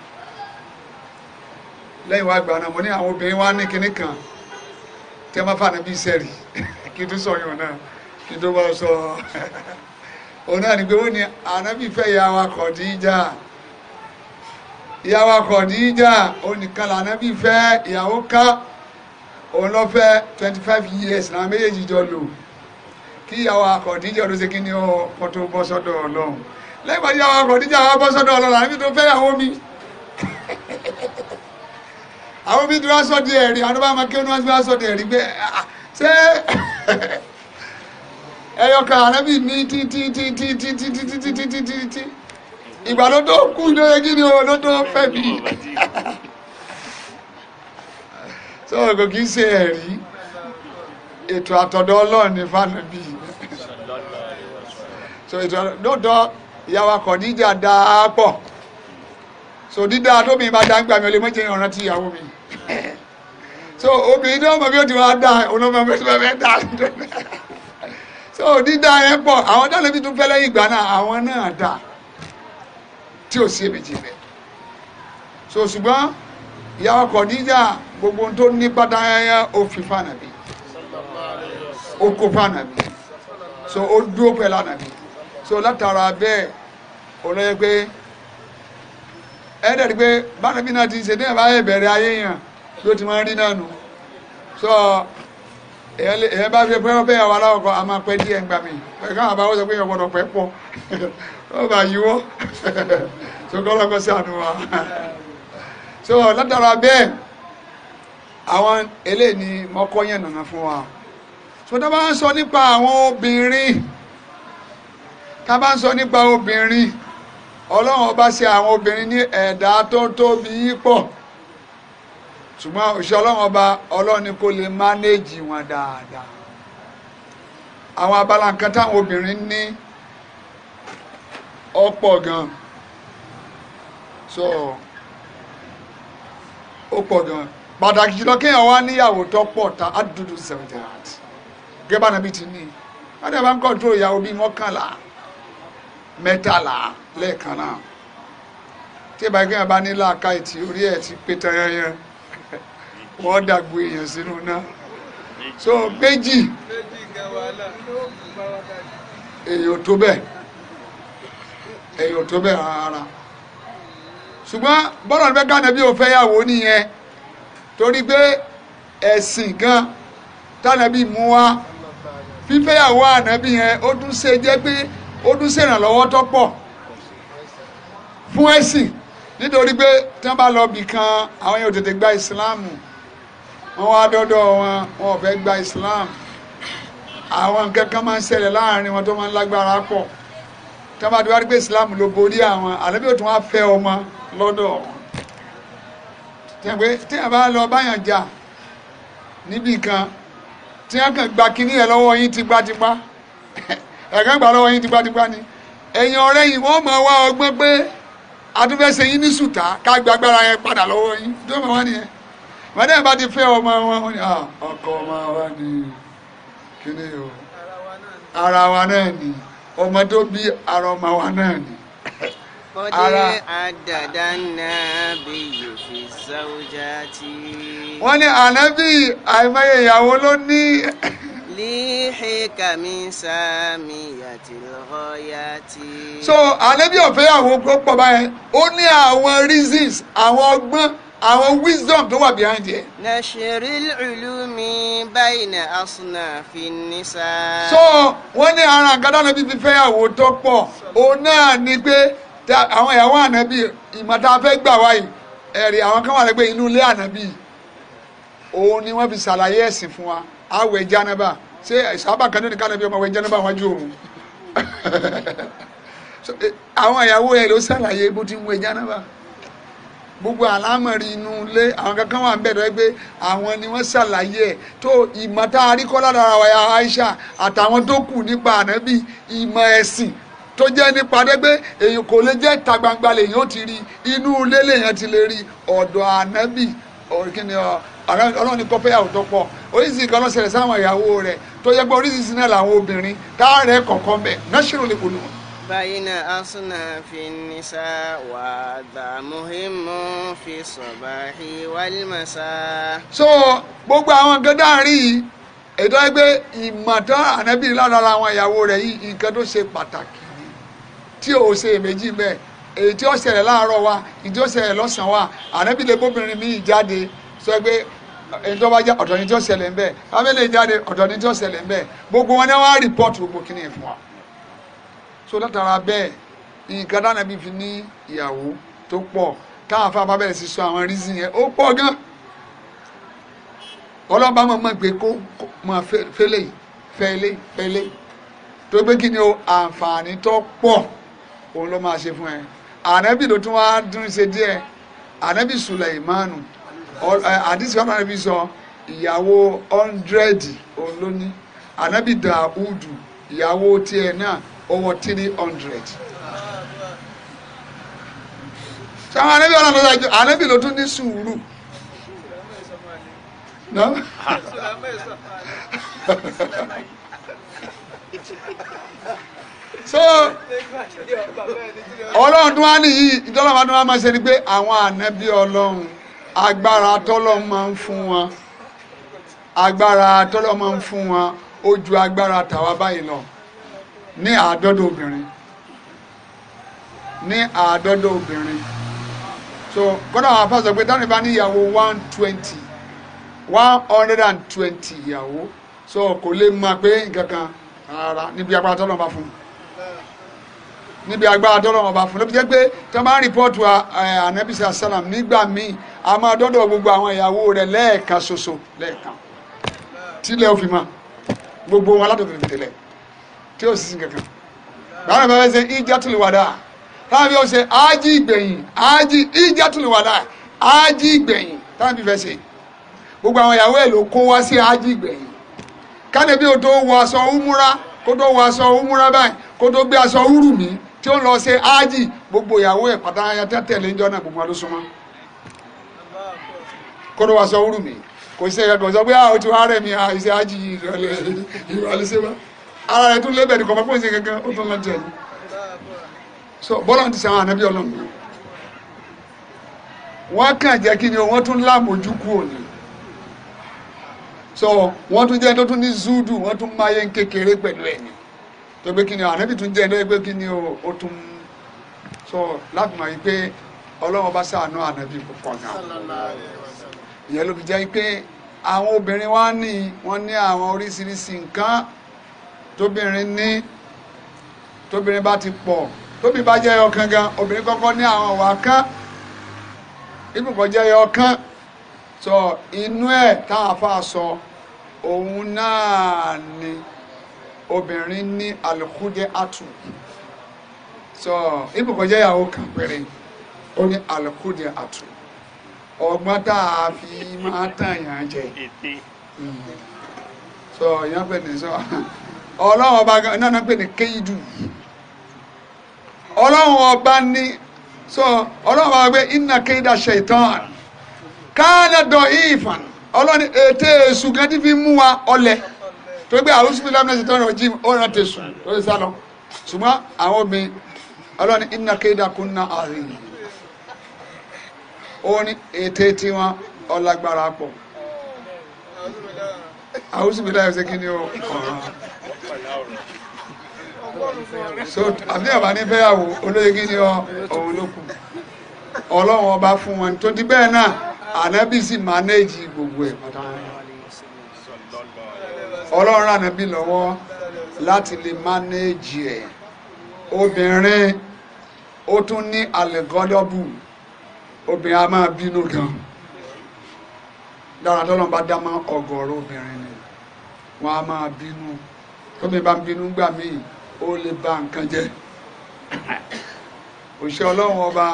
lẹ́yìn wá gbà náà mo ní àwọn obìnrin wá ní kinní kan tí wọ́n bá fà ní bí iṣẹ́ rí (laughs) kí n tún sọ yàn náà kí n tó bá sọ (laughs) òun náà ní pé ó ní ànábì fẹ́ ya wa Khadija ìyàwó Khadija onìkan lànàbí fẹ́ ìyàwó ká òun lọ fẹ́ twenty five years náà méjèèjì jọ lò kí ìyàwó Khadija ló ṣe kí ni ọkọ tó bọ́ sọ́dọ̀ Ọlọ́run lẹ́gbàá ìyàwó Khadija wá bọ́ sọ́dọ̀ Ọlọ́run àbí tó fẹ́ ìyàwó mi àwọn mi tó wá sọ di ẹ̀rí àwọn bá máa kí wọ́n wá sọ di ẹ̀rí pé ṣé ẹyọ kan ànábì ní títí títí títí títí títí títí ìgbà tó tó kú ló yẹ kí o ló tó fẹ́ mi (laughs) so kò kí ń ṣe ẹ̀rí ètò àtọ̀dọ̀ ọlọ́run ní fànàbí (laughs) so ètò àtọ̀dọ̀ ìyàwó akọ̀díjà dáa pọ̀ so dídá tóbi bá dá ń gbà mí olè méje ọ̀ràn tí ìyàwó mi (laughs) so obìnrin náà mọ̀ bí ó ti wá dá ọ̀nàmọ̀ bí ó ti fẹ́ dá so dídá yẹn pọ̀ àwọn dáná bí tún fẹ́ lẹ́yìn ìgbà náà àwọn náà dáa tí ò sí èméjì rẹ̀ so ṣùgbọ́n ìyàwó kọ̀díjà gbogbo tó ní pátáyáyá ó fi fànàbí ó kó fànàbí so ó dúró pẹ̀lú ànàbí so látara bẹ́ẹ̀ olóyè pé ẹ̀ẹ́dẹ̀ẹ́dì pé bánàbí náà ti ṣe ní ẹ̀bá ẹ̀bẹ̀rẹ̀ ayé yàn ló ti máa rí náà nù so èèyàn bá fi pẹ́ pẹ́ àwọn aláwọ̀ kan a máa pẹ́ díẹ̀ ń gbà mí pẹ̀lú káwọn àbáwọ̀ sọ pé èèyàn gbọ́dọ̀ pẹ́ pọ̀ (laughs) wọ́n bá yíwọ́ so (laughs) kọ́lọ́kọ́ sí àánú wa so látara bẹ́ẹ̀ àwọn eléyìí ni mọ́kọ́ yẹn nàná fún wa so tá a bá ń sọ nípa àwọn obìnrin tá a bá ń sọ nípa obìnrin ọlọ́run ọba ṣe àwọn obìnrin ní ẹ̀dá tó tóbi pọ̀ ṣùgbọ́n òṣìṣẹ́ ọlọ́run ọba ọlọ́run ni kò lè mánéèjì wọn dáadáa àwọn abala nǹkan táwọn obìnrin ní ọ̀pọ̀ gan so ó pọ̀ gan pàtàkì jùlọ kéèyàn wá níyàwó tó pọ̀ ta á dúdú seventy eight gẹ́gẹ́ bá nàbí ti ní wọ́n dẹ̀ bá ń kọ́ńtró ìyàwó bíi mọ́kànlá mẹ́tàlá lẹ́ẹ̀kan náà tí ìbáyé kéèyàn bá ní làákàyè tí orí ẹ̀ ti pé tán yẹn (laughs) wọ́n dàgbò èèyàn sínú náà so méjì èèyàn tó bẹ́ẹ̀ ẹ̀yìn ò tó bẹ́ẹ̀ rárá ṣùgbọ́n bọ́lá níbẹ̀ gánà bí òun fẹ́ yàwó nìyẹn torí pé ẹ̀sìn gan tánàbí mú wá fífẹ́yàwó ànábì yẹn ó dún ṣe jẹ́ pé ó dún ṣèrànlọ́wọ́ tó pọ̀ fún ẹ̀sìn nítorí pé tí wọ́n bá lọ bì kan àwọn yẹn ò tètè gba ìsìláàmù wọ́n wá dọ́dọ̀ wọn wọn ò fẹ́ gba ìsìláàmù àwọn nǹkan kan máa ń ṣẹlẹ̀ láàrin wọn tó máa ń lágbára pọ̀ tọ́mọdé wá rí islam ló borí àwọn àlẹ́bí òtún wá fẹ́ ọmọ lọ́dọ̀ tẹ̀wé tí a bá lọ báyàn jà níbì kan tí a kàn gba kínní ẹ̀ lọ́wọ́ yín tipátipá (laughs) ẹ̀ka gbà lọ́wọ́ yín tipátipá ni ẹ̀yin ọ̀rẹ́ yìí wọ́n máa wá ọgbọ́n pé adúfẹ́sẹ̀ yín ní sùtá ká gbàgbára yẹn padà lọ́wọ́ yín tó máa wá nìyẹn wọ́n dẹ́gbà ti fẹ́ ọmọ wọn wọ́n ah, ọkọ̀ ọmọ wa ni kíní o ara wa náà ni ọmọ tó bí ara ọmọ wa náà ni. ara wọ́n ní ànábì àìmọye ìyàwó ló ní. Líhìkà mi sáàmì àti lọ́yàtì. So, ànábì ọ̀fẹ́ àwọn gbọ́ pọ̀ báyẹn, ó ní àwọn reasons, àwọn ọgbọ́n àwọn wisdom tó wà behind yẹ. nàṣírí ulumi bayna asnafi nisa. so wọ́n ní ara nǹkan dáná bíi ti fẹ́yàwó tó pọ̀ òun náà ni pé àwọn ìyàwó ànábì ìmọ̀ta fẹ́ gbà wáyé ẹ̀rì àwọn kan wà lẹ́gbẹ́ inú ilé ànábì òun ni wọ́n fi ṣàlàyé ẹ̀sìn fún wa àwẹ̀ jánaba ṣé ìṣàbà kan ní kánàbí ọmọ àwẹ̀ jánaba wájú òun (laughs) e, àwọn ìyàwó ẹ̀ ló ṣàlàyé bó ti ń wẹ̀ jánaba gbogbo àlámọ̀rí inú ilé àwọn kankan wà ń bẹ̀rẹ̀ pé àwọn ni wọ́n ṣàlàyé ẹ̀ tó ìmọ̀ tá a rí kọ́ lára wa Aisha àtàwọn tó kù nípa ànábì ìmọ̀ ẹ̀sìn tó jẹ́ nípa dẹ́gbẹ́ èyàn kò lè jẹ́ ìta gbangba lèyàn ó ti rí inú ilé lèyàn ti lè rí ọ̀dọ̀ ànábì kíni ọlọ́run ní kọ́fẹ́yàwó tó pọ̀ oríṣiríṣi kan ló ṣẹlẹ̀ sáwọn ìyàwó rẹ̀ tó yẹ pé oríṣiríṣi náà làwọn obìnrin tá a rẹ̀ kọ̀ọ̀kan bẹ̀ náṣírò lè kò بين أصناف النساء وهذا مهم في الصباح والمساء. so gbogbo àwọn nǹkan dáàrin yìí ètò ẹgbẹ́ ìmọ̀tán ànábì lára àwọn ìyàwó rẹ̀ yìí nǹkan tó ṣe pàtàkì ni tí ò ṣe èméjì èyí tí ó ṣẹlẹ̀ láàárọ̀ wa èyí tí ó ṣẹlẹ̀ lọ́sàn wa ànábì lè bóbìnrin mi jáde sọ pé èyí tó bá jẹ́ ọ̀dọ̀ ni tí ó ṣẹlẹ̀ ń bẹ̀ so látara bẹ́ẹ̀ nǹkan dáná bí fi ní ìyàwó tó pọ̀ táwọn afáfá bẹ̀rẹ̀ sí sọ àwọn rízì yẹn ó pọ̀ gan ọlọ́ba máa ma gbé kó máa fẹ́lẹ̀ fẹ́lẹ̀ fẹ́lẹ̀ tó gbé kí ni o àǹfààní tó pọ̀ òun ló máa ṣe fún ẹ ànábì ló tún wá dún ṣe díẹ̀ ànábì Sùlẹ̀mánù àdìsí wọn ànábì sọ ìyàwó ọ̀ndrẹ́dì òun ló ní ànábì Dáúdù ìyàwó tiẹ̀ náà Over three hundred. sáwọn anábì ọ̀nà tó dájú anábì ló tún ní sùúrù. so ọlọ́run tó wá nìyí ìtọ́lọ́mọ tó wá máa ṣe ni pé àwọn ànábì ọlọ́run agbára tọ́lọ́ máa ń fún wọn agbára tọ́lọ́ máa ń fún wọn ó agbára tàwa báyìí lọ ní àádọ́dọ̀ obìnrin ní àádọ́dọ̀ obìnrin so gbọ́dọ̀ àwọn afáàsọ pé dáni bá níyàwó one twenty one hundred and twenty ìyàwó so kò lè máa pé nǹkan kan rárá níbi agbára tọ́lọ́ bá fún níbi agbára tọ́lọ́ bá fún ló fi jẹ́ pé tó máa ń rìpọ́ọ̀tù ànábìsí asálàm nígbà míì a máa dọ́dọ̀ gbogbo àwọn ìyàwó rẹ̀ lẹ́ẹ̀kan ṣoṣo lẹ́ẹ̀kan tílẹ̀ òfin ma gbogbo wọn aládùn tètè tẹ̀lẹ̀ tí ó sì sí kankan báwọn bá fẹ́ ṣe ìjátùlù wàdà táwọn bí ó ṣe ájì ìgbẹ̀yìn ájì ìjátùlù wàdà ájì ìgbẹ̀yìn táwọn bí fẹ́ ṣe gbogbo àwọn ìyàwó ẹ̀ ló kó wá sí ájì ìgbẹ̀yìn kánẹ́bí ò tó wọ aṣọ umura kó tó wọ aṣọ umura báyìí kó tó gbé aṣọ wúrù mí tí ó lọ ṣe ájì gbogbo ìyàwó ẹ̀ pátá tẹ̀lé ńjọ́ náà gbogbo alóṣùmọ́ kó tó wọ aṣọ wúrù mí kò sí ẹ̀ka kan sọ pé àwọn tí wọ́n rẹ̀ mí àìsí ájì ìrọ̀lẹ́ ìrọ̀lẹ́ sẹ́wọ́n ara rẹ̀ tún lébẹ̀ ní kọ̀ọ̀bá fún ìṣe kankan ó tún lọ jẹ so bọ́lá ti sàwọn ànábì ọlọ́run wọ́n kàn jẹ́ kí ni wọ́n tún lámòjú kú òní so wọ́n tún jẹ́ tó tún ní zúdù wọ́n tún máyé ń kékeré pẹ̀lú ẹ̀ tó gbé kí ni ànábì tún jẹ́ ẹ̀dọ́ gbé kí ni ó tún so láti mọ̀ yìí pé ọlọ́run bá sàánú ànábì púpọ̀ gan ìyẹn ló fi jẹ́ pé àwọn obìnrin wa ní wọ́n ní àwọn oríṣiríṣi nǹkan tóbìnrin ní tóbìnrin bá ti pọ̀ tóbi bá jẹ́ ẹyọ kan gan obìnrin kọ́kọ́ ní àwọn ọ̀wà kan ibùkọ́ jẹ́ ẹyọ kan sọ inú ẹ̀ táwọn afá sọ òun náà ni obìnrin ní alùkúdé àtù sọ ibùkọ́ jẹ́ ìyàwó kan péré ó ní alùkúdé àtù ọgbọ́n tá a fi máa tàn yàn jẹ hmm. sọ ìyàn pẹ̀lú sọ. ọlọ́run ọba náà náà pè ní kéyidù ọlọ́run ọba ní so ọlọ́run ọba pé iná kéyidà ṣètàn káàdà dọ̀ ìfàn ọlọ́run ètè èṣù kan ti fi mú wa ọlẹ̀ tó gbé àwọn sùnmí ṣètàn ọ̀rọ̀ ọ̀rọ̀ tẹ̀ sùn tó ṣùgbọ́n àwọn ọlọ́run iná kéyidà kún ná àárín òun ètè àwùsùnmílà ẹ̀ ṣe kí ni o so àbí àbá ní fẹ́yàwó olóye kí ni ọ̀hún ló kù ọlọ́run ọba fún wọn tó di bẹ́ẹ̀ náà ànábì sì mánéèjì gbogbo ẹ̀ ọlọ́run ànábì lọ́wọ́ láti lè mánéèjì ẹ̀ obìnrin ó tún ní àlẹ́gọ́dọ́bù obìnrin a máa bínú gan-an lára tọ́lọ́n bá dá mọ́ ọgọ́rọ̀ obìnrin ni wọ́n á máa bínú tóbi bá ń bínú gbà míì ó lè ba nǹkan jẹ́ (coughs) òṣìṣẹ́ ọlọ́run ọba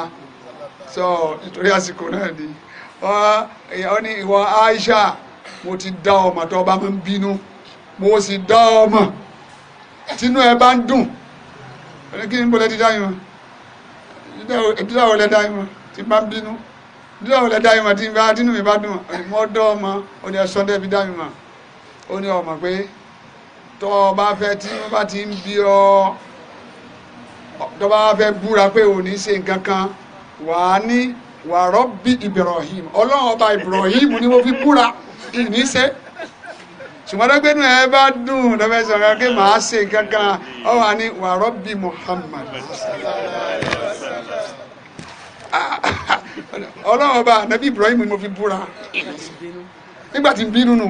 sọ nítorí àsìkò náà ni ó ní ìwọ Aisha mo ti dá ọmọ tó bá ń bínú mo sì dá ọmọ tínú ẹ bá ń dùn kí ni mo ti dá yín wọn ìdílé àwọn ọlẹ́dá yín wọn ti bá ń bínú lọ́wọ́ lẹ́dá yìí mọ̀ tí bá tínú mi bá dùn mọ́ dọ́ ọmọ ó ní ẹ̀sọ́ dẹ́bi dá mi mọ̀ ó ní ọmọ pé tọ́ ọ bá fẹ́ tí wọ́n bá ti ń bí ọ tọ́ bá fẹ́ búra pé ò ní ṣe nǹkan kan wà á ní wà rọ́bì Ibrahim ọlọ́run ọba Ibrahim ni mo fi búra kì í ní ṣe ṣùgbọ́n tó gbénu ẹ bá dùn lọ́fẹ́ sọ̀rọ̀ kí màá ṣe nǹkan kan ọ wà ní wà rọ́bì Muhammad. Ah, ah ọlọ́run ọba ànábì Ibrahim ni mo fi búra nígbà tí n bínú nù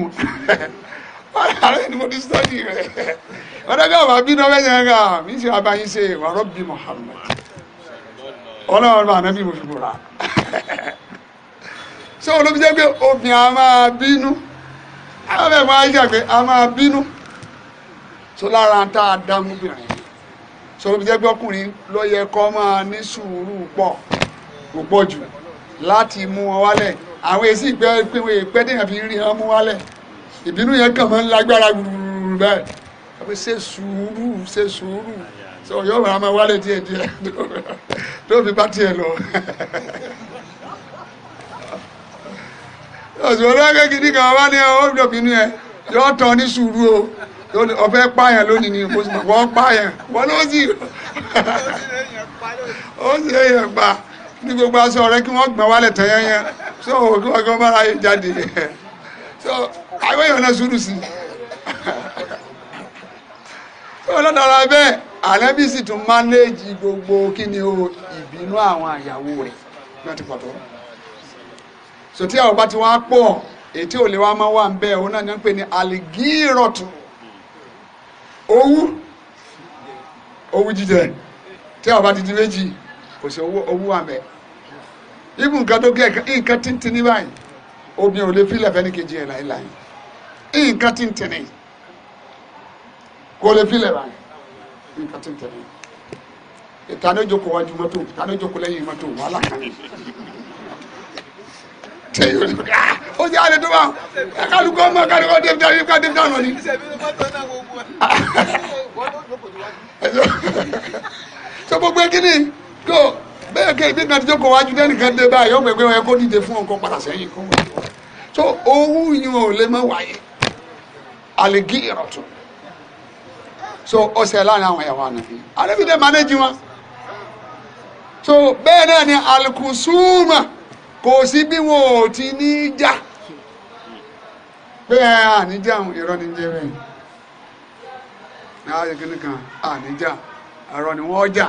ààrẹ ni mo ti sọ́ọ̀dì rẹ̀ ọ̀dọ́gbà wà bínú ọbẹ̀ yẹn ká mi ṣe abayín ṣe wà rọ́bì Muhammad ọlọ́run ọba ànábì mo fi búra ṣé olóbi jẹ́ pé obìnrin a máa bínú àwọn ẹ̀mọ ayíṣà pé a máa bínú so lára tá a dá mọ́bìnrin so olóbi jẹ́ pé ọkùnrin ló yẹ máa ní sùúrù pọ̀ kò pọ̀ jù láti mú wọn wálẹ̀ àwọn èsì ìgbẹ́ pé wọ́n èèpẹ́ téèyàn fi ń rí wọn mú wálẹ̀ ìbínú yẹn kàn máa ń lágbára gbùrùgbùrù bẹ́ẹ̀ wọ́n ṣe sùúrù ṣe sùúrù sọ yóò máa máa wálẹ̀ díẹ̀ díẹ̀ (laughs) tó fi bá tiẹ̀ lọ. (laughs) ọ̀sùn olóńgbé gidi kan wá ní ọ̀rọ̀ ìbínú yẹn yóò tán ní sùúrù o ọfẹ pààyàn lónìí ni mo sì mọ wọn pààyàn wọn ló sì (laughs) ó sì èèyàn pa ní gbogbo aṣọ rẹ kí wọ́n gbọ̀n wálẹ̀ tán yẹn so kí wọ́n gbọ́n bára yìí jáde so àwọn èèyàn náà sùúrù sí i ọlọ́dàra bẹ́ẹ̀ àlẹ́bí sì tún mánéèjì gbogbo kí ni o ìbínú àwọn àyàwó rẹ̀ bí wọ́n ti pọ̀ tó so tí àwọn bá ti wá pọ̀ ètí ò lè wá máa wà ń bẹ́ẹ̀ òun ni wọ́n pè ní àlìgírọ̀tù owú owú jíjẹ tí àwọn bá ti di méjì kò sí owú wà ń ibù nǹkan tó gé nǹkan tíntín ní báyìí omi ò lè filẹ̀ fẹ́ni kejì ẹ̀ láìláì nǹkan tíntín ní kò lè filẹ̀ báyìí nǹkan tíntín ní ìtàn ìjókòó wájú mọ́tò ìtàn ìjókòó lẹ́yìn mọ́tò wàhálà kan ní tẹ̀yìn olùkọ́ ó jẹ́ àlejò wa kálukọ́ ọmọ kálukọ́ dé dáná yíká dé dáná ni. tó (laughs) (laughs) gbogbo ẹ kí ni kò bẹ́ẹ̀ kẹ́ ibi kan tí jókòó wájú tẹ́nìkan dé báyìí ọmọ ẹgbẹ́ wọn kó dìde fún ọkọ padà sẹ́yìn kó wọ́n so owó yìí ò lè má wáyé àlègí ìrọ̀tún so ọsẹ láàrin àwọn ìyàwó ànàfin ànàfin dẹ̀ manage wọn so bẹ́ẹ̀ náà ni alukusuma kò sí bí wọn ò ti ní í já bẹ́ẹ̀ àníjà àwọn irọ́ ni jẹ́ bẹ́ẹ̀ náà yẹ kí ni kan àníjà irọ́ ni wọ́n jà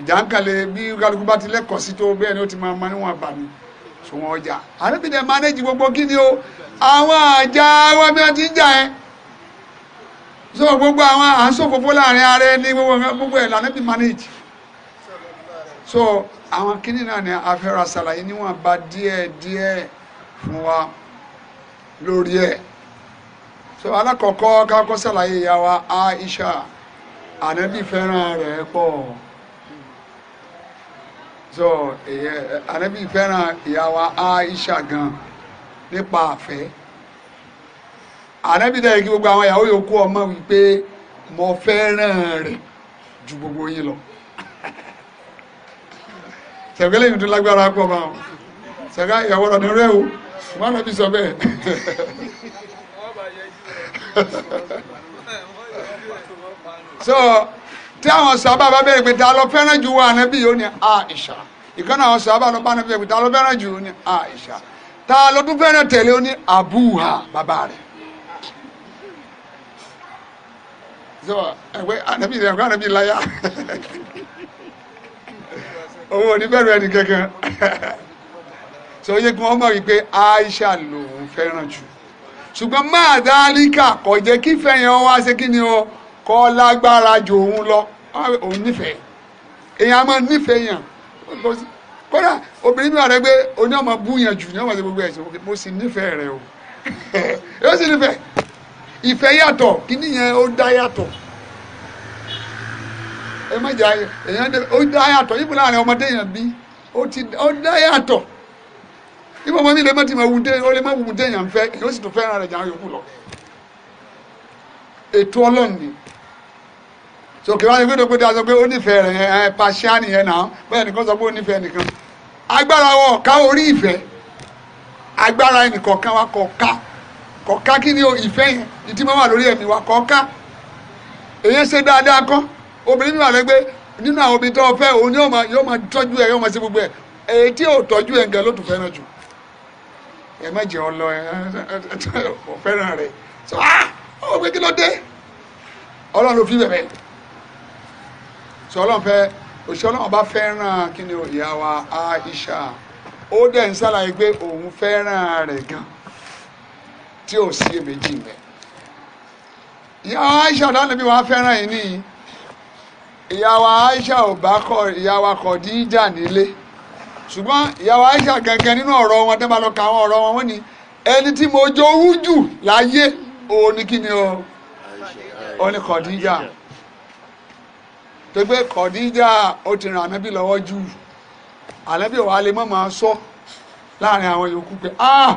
ìjànkalẹ̀ bí kálukú bá ti lẹ́kọ̀ọ́ sí tó bẹ́ẹ̀ ni ó ti máa ma níwọ̀n bá mi so ọjà àdébìdẹ manage gbogbo kí ni o àwọn àjà wa bí wọn ti ń jà ẹ so gbogbo àwọn àǹsòfófó láàrin ara ẹni gbogbo ẹ lànà bí manage so àwọn kíní náà ni afẹ́ra ṣàlàyé níwọ̀n bá díẹ̀ díẹ̀ fún wa lórí ẹ̀ so alákọ̀ọ́kọ́ kákọ́ ṣàlàyé ìyá wa Aisha ànábì fẹ́ràn rẹ̀ pọ̀ so ànábì fẹ́ràn ìyá wa Aisha gan nípa àfẹ́ ànábì dẹ̀ kí gbogbo àwọn ìyàwó yòókù ọmọ wípé mo fẹ́ràn rẹ̀ ju gbogbo yín lọ sẹ̀gbẹ́lẹ̀ (laughs) yìí tún lágbára pọ̀ bá wọn sẹ̀gá ìyàwó rẹ̀ ní rẹ̀ o wọn lọ bí sọ bẹ́ẹ̀ (laughs) so tí àwọn sábà bá bẹ̀rẹ̀ pé ta fẹ́ràn jù wà ànábì yóò ní Aisha ìkànnì àwọn sábà ló bá ànábì yóò ta ló fẹ́ràn jù ní Aisha ta ló tún fẹ́ràn tẹ̀lé ó ní Abuha bàbá rẹ̀. so ẹgbẹ́ ànábì rẹ̀ ẹgbẹ́ ànábì láyà owó (laughs) oníbẹ̀rù ẹni kankan (laughs) so yẹ kí wọ́n mọ̀ wípé Aisha lòun fẹ́ràn jù ṣùgbọ́n máa dáríkà kò jẹ́ kí fẹ́yàn wá ṣe kí ni o kọ́ lágbára jù òun lọ ah, òun nífẹ̀ẹ́ èèyàn á máa nífẹ̀ẹ́ yàn kódà obìnrin náà rẹ gbé oní ọmọ bú yàn jù ní ọmọ sí gbogbo ẹ̀sìn mo sì nífẹ̀ẹ́ rẹ o (laughs) yóò sì nífẹ̀ẹ́ ìfẹ́ yàtọ̀ kíní yẹn ó dá yàtọ̀ ẹ má jà èèyàn ó dá yàtọ̀ yìí láàrin ọmọdé yàn bí ó dá yàtọ̀ ibi ọmọ mi lè má ti máa wùdé ó lè má wùdé yàn fẹ́ èèyàn ó sì tún fẹ́ràn rẹ̀ jà yòókù lọ ètò ọlọ́run ni so kí wọ́n ní gbẹ́dọ̀ gbẹ́dọ̀ sọ pé ó nífẹ̀ẹ́ rẹ̀ ẹ̀ pàṣán yẹn náà bẹ́ẹ̀ nìkan sọ pé ó nífẹ̀ẹ́ nìkan agbára wọn ká orí ìfẹ́ agbára ẹnìkọ̀ọ̀kan wa kọ̀ ká kọ̀ kí ni ìfẹ́ yẹn ìdí máa wà lórí ẹ̀mí wa kọ̀ ká èyí ṣe dáadáa kọ́ obìnrin mi wà lẹ́gbẹ́ nínú àwọn obìnrin tó fẹ́ òun yóò máa yóò máa tọ́jú ẹ̀ yóò máa ṣe gbogbo ẹ̀ èyí tí yóò tọ́jú ẹ̀ nǹkan ló tún fẹ́ràn jù ẹ mẹ́jẹ ọlọ ẹ ọ fẹ́ràn rẹ̀ sọ ah ọ gbé kí ló dé ọlọ́run ló fi bẹ̀rẹ̀ sọ ọlọ́run fẹ́ òṣìṣẹ́ ọlọ́run bá fẹ́ràn kí ìyá wa Aisha ó dẹ̀ ń ṣàlàyé pé òun fẹ́ràn rẹ̀ gan tí ò sí èméjì mẹ́ ìyá wa Aisha dáná bí wàá fẹ́ràn yìí nìyí ìyá wa Aisha ò bá kọ ìyá wa Khadija nílé ṣùgbọ́n ìyá wa Aisha gangan nínú ọ̀rọ̀ wọn tẹ́ bá lọ ka àwọn ọ̀rọ̀ wọn wọ́n ni ẹni tí mo jowú jù láyé òun ni kí o òun ni Khadija tó gbé kọ̀díjà ó ti ràn ànábì lọ́wọ́ jù ànábì ò wá lè mọ̀ máa sọ láàrin àwọn yòókù pé ah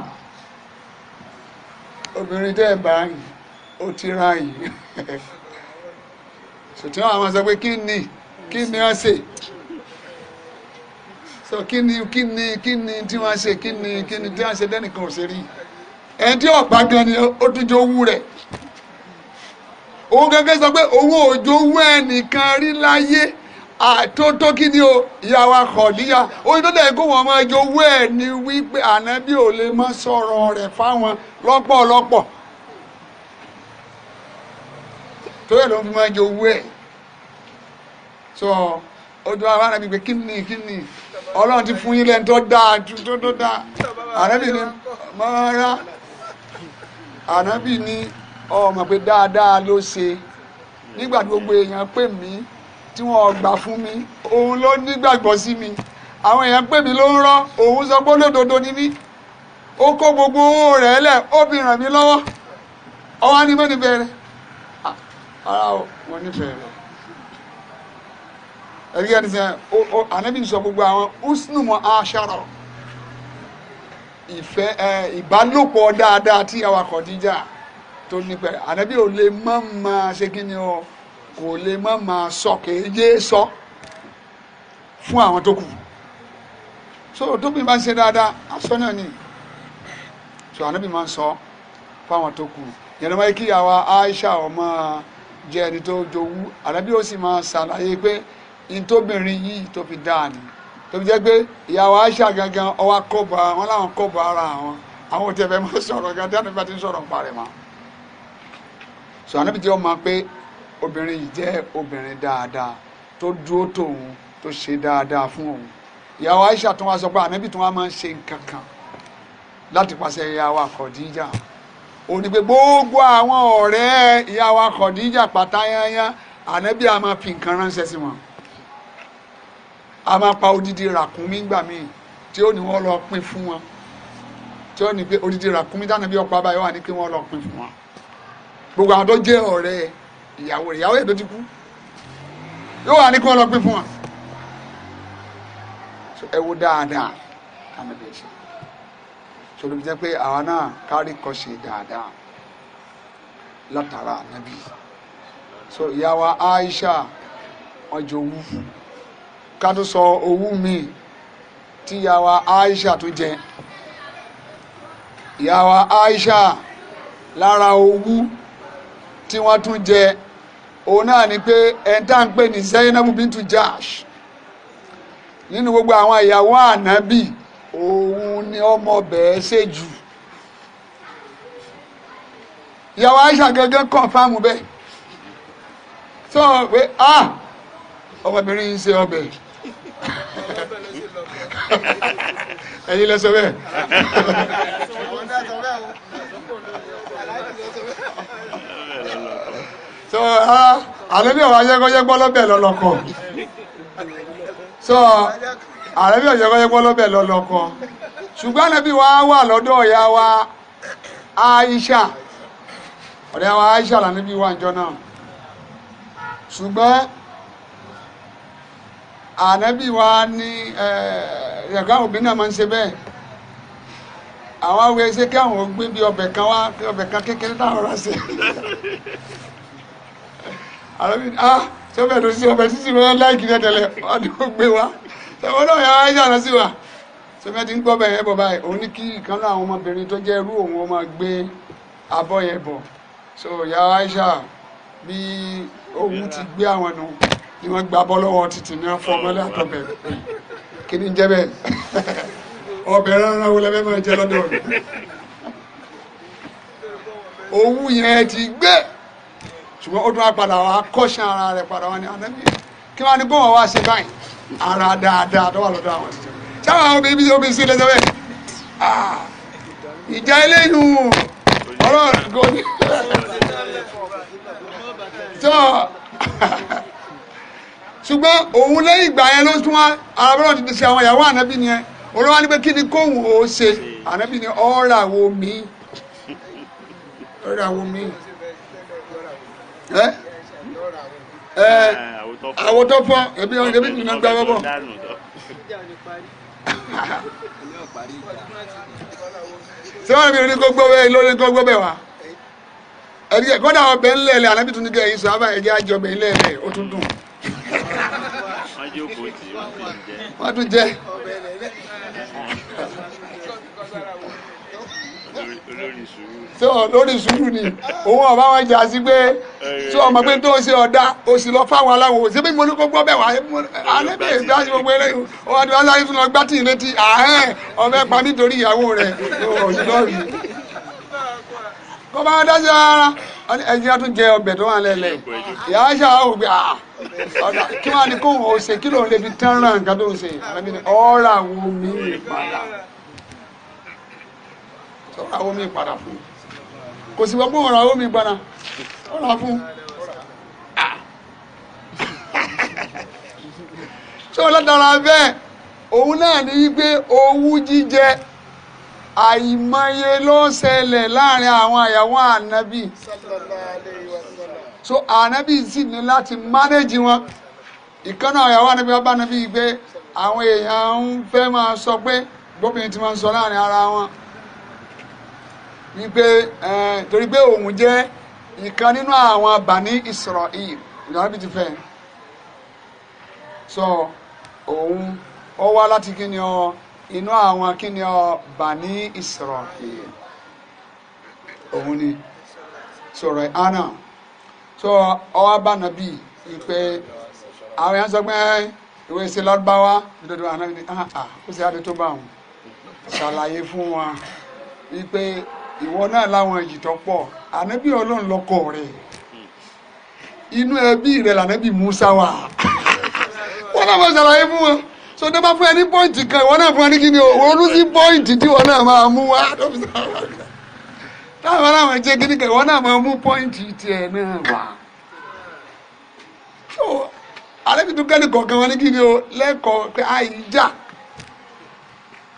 obìnrin tẹ́ ẹ̀ bá yìí ó ti ra yìí ṣùtún (laughs) àwọn sọ pé kí ni kí ni wọ́n ṣe sọ kí ni kí ni kí ni tí wọ́n ṣe kí ni kí ni tí wọ́n ṣe dẹ́nìkan ò ṣe rí ẹni tí ọ̀pá gan ni ó tún jó wú rẹ̀ òun gẹ́gẹ́ sọ pé owó òjò wú ẹnìkan rí láyé àtótó kí ni o ìyàwó akọ̀díyà oyin tó dẹ̀ kó wọn máa jó wú ẹ̀ ni wípé ànábì ò lè má sọ̀rọ̀ rẹ̀ fáwọn lọ́pọ̀lọpọ̀ tó yẹ ló fi máa jó wú ẹ̀ sọ odò àwọn ànábì pé kí ni kí ni ọlọ́run ti fún yín lẹ́nu tó dáa tó tó dáa ànábì ni mọ́ra ànábì ni ọmọ pé dáadáa ló ṣe nígbà tí gbogbo èèyàn pè mí tí wọ́n gbà fún mi òun ló nígbàgbọ́ sí mi àwọn èèyàn pè mí ló ń rọ́ òun sọ pé olódodo ni mí ó kó gbogbo owó rẹ̀ lẹ̀ ó fi ràn mí lọ́wọ́ ọwọ́ ni mo nífẹ̀ẹ́ rẹ̀ ara ah, o mo nífẹ̀ẹ́ rẹ̀ ẹ̀rí ẹni sẹ́ ànábì sọ gbogbo àwọn húsnù mọ́ aṣáró ìfẹ́ ìbálòpọ̀ dáadáa tí àwa Khadija tó nípa ànábì ò lè má máa ṣe kí ni o kò lè má máa sọ kéye sọ fún àwọn tó kù so tóbi máa ń ṣe dáadáa aṣọ náà ni so ànábì máa ń sọ fún àwọn tó kù yẹnu máa kí Aisha ọmọ jẹ ẹni tó jowú ànábì ó sì máa ṣàlàyé pé ntóbìnrin yìí tó fi dáa ni tóbi jẹ́ pé ìyàwó Aisha gangan ọwọ́ akọ́bà wọn láwọn kọ́bà ara àwọn àwọn òtẹ̀fẹ́ máa (laughs) sọ̀rọ̀ gan dáná bá ti ń sọ̀rọ̀ ń parẹ́ máa so anabi jẹ́ ọmọ pé obìnrin yìí jẹ́ obìnrin dáadáa tó dúró tòun tó ṣe dáadáa fún òun ìyàwó Aisha tó wá sọ pé anabi tó wá máa ń ṣe nǹkan kan láti pàṣẹ ìyàwó àkọ́díjà ó ní pé gbogbo àwọn ọ̀rẹ́ ìyàwó àkọ́díjà pátá yányá anabi a máa fi nǹkan ránṣẹ́ sí wọn a máa pa odidi ràkúnmí gbà míì tí ó ní wọ́n lọ pín fún wọn tí ó ní pé odidi ràkúnmí dáná bí ọ̀pá báyìí wà ní pé wọ́n lọ pín fún wọn. gbogbo àwọn tó jẹ́ ọ̀rẹ́ ìyàwó ìyàwó ẹ̀ ti kú yóò wà ní kí wọ́n lọ pín fún wa ẹ wo dáadáa kámi lè ṣe sọlọ bí jẹ́ pé àwa náà kárí kọ́ ṣe dáadáa látara ànábì so ìyá wa Aisha ọjọ́ owú ká tó sọ owú mi tí ìyá Aisha tó jẹ ìyá Aisha lára owú. tí wọ́n tún jẹ òun náà ni pé ẹni tá à ń pè ní Zainabu bintu Jash nínú gbogbo àwọn ìyàwó ànábì òun ni ọmọ bẹ́ẹ̀ ṣe jù ìyàwó Aisha gangan kọ̀ǹfàmù bẹ́ẹ̀ tó o pé ah ọmọbìnrin yìí ṣe ọbẹ̀ (laughs) ẹ̀yin lẹ́sọ̀ bẹ́ẹ̀. (laughs) so àlẹ́ bí ọ̀rọ̀ ayẹ́kọ́yẹ́ gbọ́ lọ́bẹ̀ lọ́lọ́kọ̀ so àlẹ́ bí ọ̀yẹ́kọ́yẹ́ gbọ́ lọ́bẹ̀ lọ́lọ́kọ̀ ṣùgbọ́n àlẹ́ bí wa wà lọ́dọ̀ ọ̀yá wa Aisha ọ̀rẹ́ wa Aisha là níbi wa ìjọ náà ṣùgbọ́n ànábì wa ní ẹ̀ka obìnrin náà máa ń ṣe bẹ́ẹ̀ àwọn awo ẹsẹ kí àwọn gbé bí ọbẹ̀ kan wá ọbẹ̀ kan kékeré táwọn rà sí àrẹ́bí ah sọ́bẹ̀ tó sí ọbẹ̀ títí wọn láìkí náà tẹ̀lé ọdún gbé wa sọ́bẹ̀ náà yàrá yàrá náà sí wa sọ́bẹ̀ ti ń gbọ́ bẹ̀rẹ̀ bọ̀ báyìí òun ní àwọn ọmọbìnrin tó jẹ́ irú òun ọmọ gbé abọ́ yẹn bọ̀ so yàrá Aisha bí òun ti gbé àwọn nù ni wọ́n gba abọ́ lọ́wọ́ títì náà fọ́ ọmọdé àtọ̀bẹ̀ kí ni jẹ́ bẹ́ẹ̀ ọbẹ̀ rárá wo lẹ́fẹ̀ẹ́ máa jẹ lọ́dọ̀ òwú yẹn ti gbé ṣùgbọ́n ó dún apàdà wa kọ́ṣán ara rẹ̀ padà wọn ni ànábì kí wọ́n á ní bọ́ọ̀ wá ṣe báyìí ara dáadáa tó wà lọ́dọ̀ àwọn ìṣẹ̀lẹ̀ sáwọn àwọn obìnrin bíi obìnrin sí ilé sọ́wẹ́ ah, ìjà eléyìí ọ̀rọ̀ gòní. ṣùgbọ́n òun lẹ́yìn ìgbà yẹn ló tún wá arábọ́lọ́ ti di sí àwọn ìyàwó ànábì yẹn olówó ni pé kí ni kóhùn ó ṣe ànábì ni ọ̀rà wo mi ọ̀rà wo mi ẹ àwọn tó fọ ẹbí ọ̀rẹ́ ẹbí nínú gbá wọ́pọ̀. ṣé wọ́n bìnrin kó gbọ́ bẹ́ẹ̀ lórí kó gbọ́ bẹ́ẹ̀ wá. ẹ̀rí ẹ̀ kódà ọbẹ̀ ńlẹ̀ lẹ̀ ànábì tún ní kẹ́ ẹ̀yìn sọ àbá ẹ̀jẹ̀ àjọ ọbẹ̀ ńlẹ̀ lẹ̀ ó tún dùn. wọ́n tún jẹ́. so lórí sùúrù ni òun ọba wọn jà sí pé tí ọmọ pé tó ṣe ọ̀dà o lọ fáwọn aláwọ̀ òsè bí mo ní kó gbọ́ bẹ́ẹ̀ wá alẹ́bẹ̀ ìgbà gbogbo àti wọn láyé fún ọ tì í létí ààrẹ ọmọ ẹ̀pá nítorí ìyàwó rẹ̀ lọ́ọ̀rì. kọ́ba ara ẹ̀jẹ̀ jẹ ọbẹ̀ tó wà lẹ́lẹ̀ ìyá kò sì wọ́n pé òun ra omi gbọ́nà ó ra fún un. ṣé o lọ́dọ̀ọ́ra bẹ́ẹ̀ òun náà ní wípé owú jíjẹ àìmọye ló ń ṣẹlẹ̀ láàrin àwọn àyàwó ànábì so ànábì sì ní láti mánéjì wọn ìkànnà àyàwó ànábì wọn bá ànábì pé àwọn èèyàn ń fẹ́ máa sọ pé gbóbìnrin ti máa ń sọ láàrin ara wọn wípé torí pé òun jẹ́ ìkan nínú àwọn Bani Israel ìdáná bí ti fẹ́ sọ òun ó wá láti kí ni ọ inú àwọn kí ni ọ Bani Israel òun ni sọ̀rọ̀ àná tó ọwọ́ bá nàbí wípé àwọn yẹn sọ pé ìwé ṣe lọ́dúbáwá dídọ́dọ́ àná ni ah, ah, ó sì á ti tó bá wọn ṣàlàyé fún wa wípé ìwọ náà láwọn ìyì tó pọ̀ ànábì ọlọ́run lọ́kọ rẹ̀ inú ẹbí rẹ̀ lànábì Musa wà wọ́n náà mọ̀ ṣàlàyé fún wọn so tó bá fún ẹ ní pọ́ìntì kan ìwọ náà fún ẹ ní kí ni o ronú sí pọ́ìntì tí ìwọ náà máa mú wá táwọn aláwọn jẹ́ kí ni kan ìwọ náà máa mú pọ́ìntì tiẹ̀ náà wá so alẹ́ tuntun kẹ́ni kọ̀ọ̀kan wọn ní kí ni o lẹ́kọ̀ọ́ pé àìjà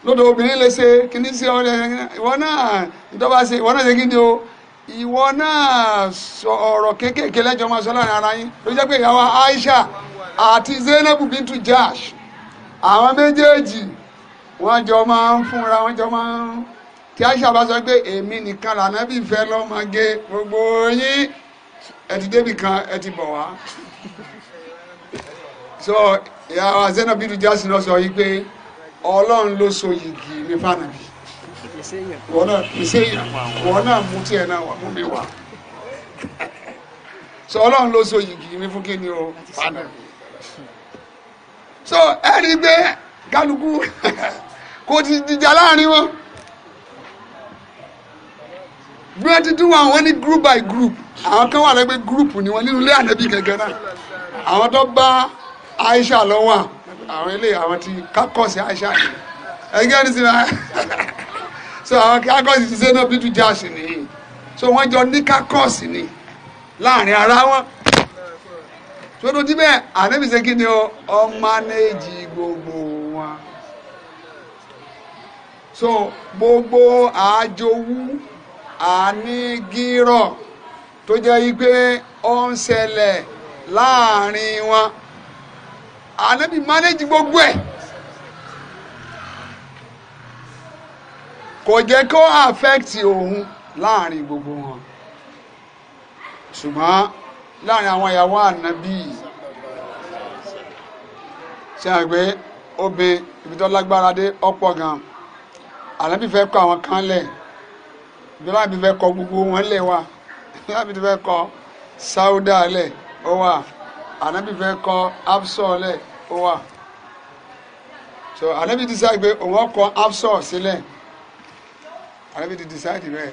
lọ́dọ̀ obìnrin lè ṣe kíní sí ọ̀rẹ́ ìwọ náà ìjọba ṣe ìwọ náà ṣe kíni o ìwọ náà ọ̀rọ̀ kéékèèké lẹ́jọ́ máa sọ láàrin ara yín ló jẹ́ pé ìyàwó Aisha àti Zainab bintu Jash àwọn méjèèjì wọ́n jọ máa ń fúnra wọ́n jọ máa ń tí Aisha bá sọ pé èmi nìkan lànà bí ìfẹ́ lọ́mọge gbogbo yín ẹ ti débì kan ẹ ti bọ̀ wá so ìyàwó Zainab bintu Jash náà sọ yìí pé ọlọ́run ló so yìgì ní fànàbí wọn náà pèsè èèyàn wọn náà mú tiẹ̀ náà wà mú mi wà so ọlọ́run ló so yìgì mi fún kí o fànàbí so ẹ rí i pé kálukú (laughs) kò ti dìjà láàrin wọn bí ti dún àwọn ní group by group àwọn kan wà lẹ́gbẹ́ group ni wọ́n nínú ilé ànábì gẹ́gẹ́ náà àwọn tó bá Aisha lọ́wọ́ àwọn. àwọn ilé àwọn ti kákọ́ọ̀sì àṣà ni ẹgbẹ́ ní sinmi so àwọn kákọ́ọ̀sì ti Zainab bintu Jahsh nìyí so wọ́n jọ ní kákọ́ọ̀sì ni láàrin ara wọn tó tó díbẹ̀ ànábìsẹ́ kí ni ọ mánéèjì gbogbo wọn so gbogbo àjowú ànígírọ̀ tó jẹ́ wípé ó láàrin wọn. ànábì manage gbogbo ẹ̀ kò jẹ́ kó affect òun láàrin gbogbo wọn ṣùgbọ́n láàrin àwọn ìyàwó ànábì ṣe àgbẹ̀ obìnrin ibi tó lágbára dé ọ̀pọ̀ gan ànábì fẹ́ kọ àwọn kan lẹ̀ ìjọba àbí fẹ́ kọ gbogbo wọn lẹ̀ wá ìjọba àbí fẹ́ kọ sáúdà lẹ̀ ó wà ànábì fẹ́ kọ absọ lẹ̀ ó so ànábì decide pé òun ọkọ absọ sílẹ̀ ànábì ti decide bẹ́ẹ̀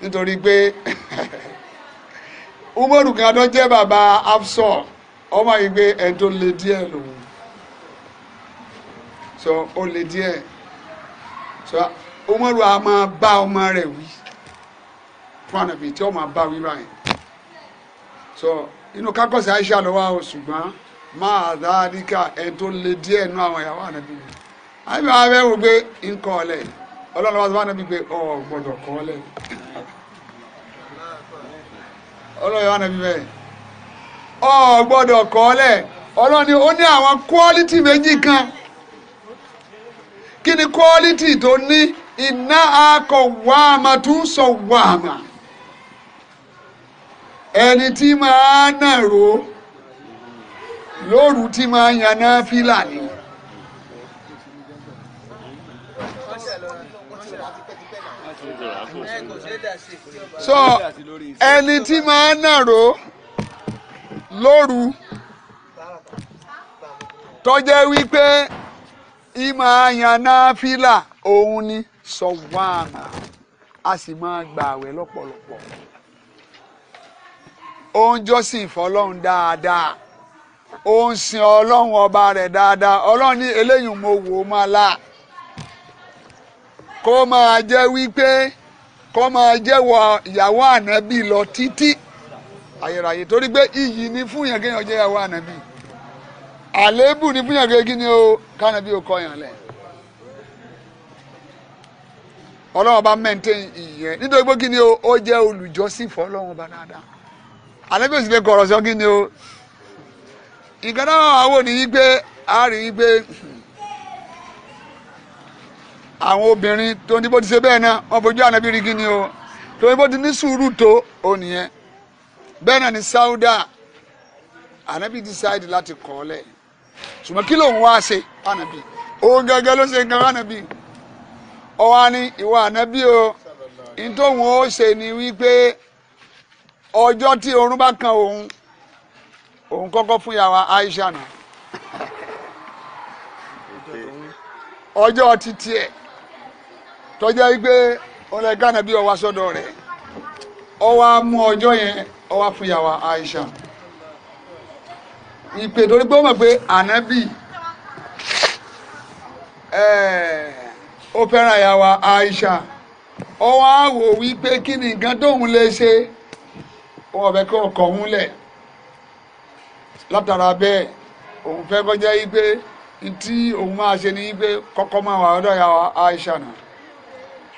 nítorí pé (laughs) umaru kan tó jẹ́ bàbá absọ ọmọ yìí pé ẹni tó le díẹ̀ lòun so ó le díẹ̀ so umaru a máa bá ọmọ rẹ̀ wí fún ànábì tí ó máa bá wí báyìí so inú kákọ́sì Aisha lọ́wọ́ àwọn ṣùgbọ́n máa dáadíkà ẹ̀ tó le díẹ̀ nú àwọn ìyàwó ànábì mi àbí àwọn abẹ́ wò pé ń kọ́ ọ̀lẹ̀ ọlọ́run wá sọ fún ànábì pé ọ̀ gbọ́dọ̀ kọ́ ọ̀lẹ̀ ọlọ́run wá ànábì bẹ́ẹ̀ ọ̀ gbọ́dọ̀ kọ́ ọ̀lẹ̀ ọlọ́run ni ó ní àwọn quality méjì kan kí ni quality tó ní iná akọ̀ wàmà tún sọ wàmà. ẹni tí máa nàró lóru tí máa yan náà fílà ni. so ẹni tí máa nàró lóru tó jẹ́ wípé ìmọ̀ àyànná fílà òun ni sọ àmà a sì máa gbààwẹ̀ lọpọlọpọ. ó ń jọ́sìn fọlọ́run dáadáa ó ń sin ọlọ́run ọba rẹ̀ dáadáa ọlọ́run ní eléyìí mo wò ó máa la kó máa jẹ́ wípé kó máa jẹ́wọ́ ìyàwó ànábì lọ títí ayérayé torí pé iyì ni fún yàn kéèyàn jẹ́ ìyàwó ànábì ni fún yàn kéèyàn kí ni o kánábì ò kọ yàn lẹ̀ ọlọ́run ọba maintain ìyẹn nítorí pé kí ni o ó jẹ́ olùjọ́sìn fọlọ́run ọba ànábì òsì fẹ́ kọ̀rọ̀ sọ kí ni o nǹkan náà àwọn òníyí pé a rí i àwọn obìnrin tó ní bó ti ṣe bẹ́ẹ̀ náà wọ́n fojú ànábì rí kí ni o tó ní bó ti ní sùúrù tó o nìyẹn bẹ́ẹ̀ náà ni sáúdà ànábì decide láti kọ̀ ọ́ lẹ̀ ṣùgbọ́n kí lòun wá ṣe ànábì òun gẹ́gẹ́ ló ṣe nǹkan ànábì ọ̀wá ni ìwà ànábì o ní ó ṣe ni wípé. ọjọ́ tí oorun bá kan òun òun kọ́kọ́ fún yàrá Aisha nù ọjọ́ títí ẹ̀ tọ́jà yìí pé ọ̀rẹ́ Ghana bí ọwá sọ́dọ̀ rẹ̀ ọwá mú ọjọ́ yẹn ọwá fún yàrá Aisha ìpè torí pé ó mọ̀ pé ànábì eh, ó fẹ́ràn yàrá Aisha ọwá wò wípé kí ni nǹkan tóun lè ṣe. wọn fẹ́ kó kọ̀ ń lẹ̀ látara bẹ́ẹ̀ òun kọjá pé tí òun máa ṣe ni yí pé máa wà ọdọ ìyàwó Aisha náà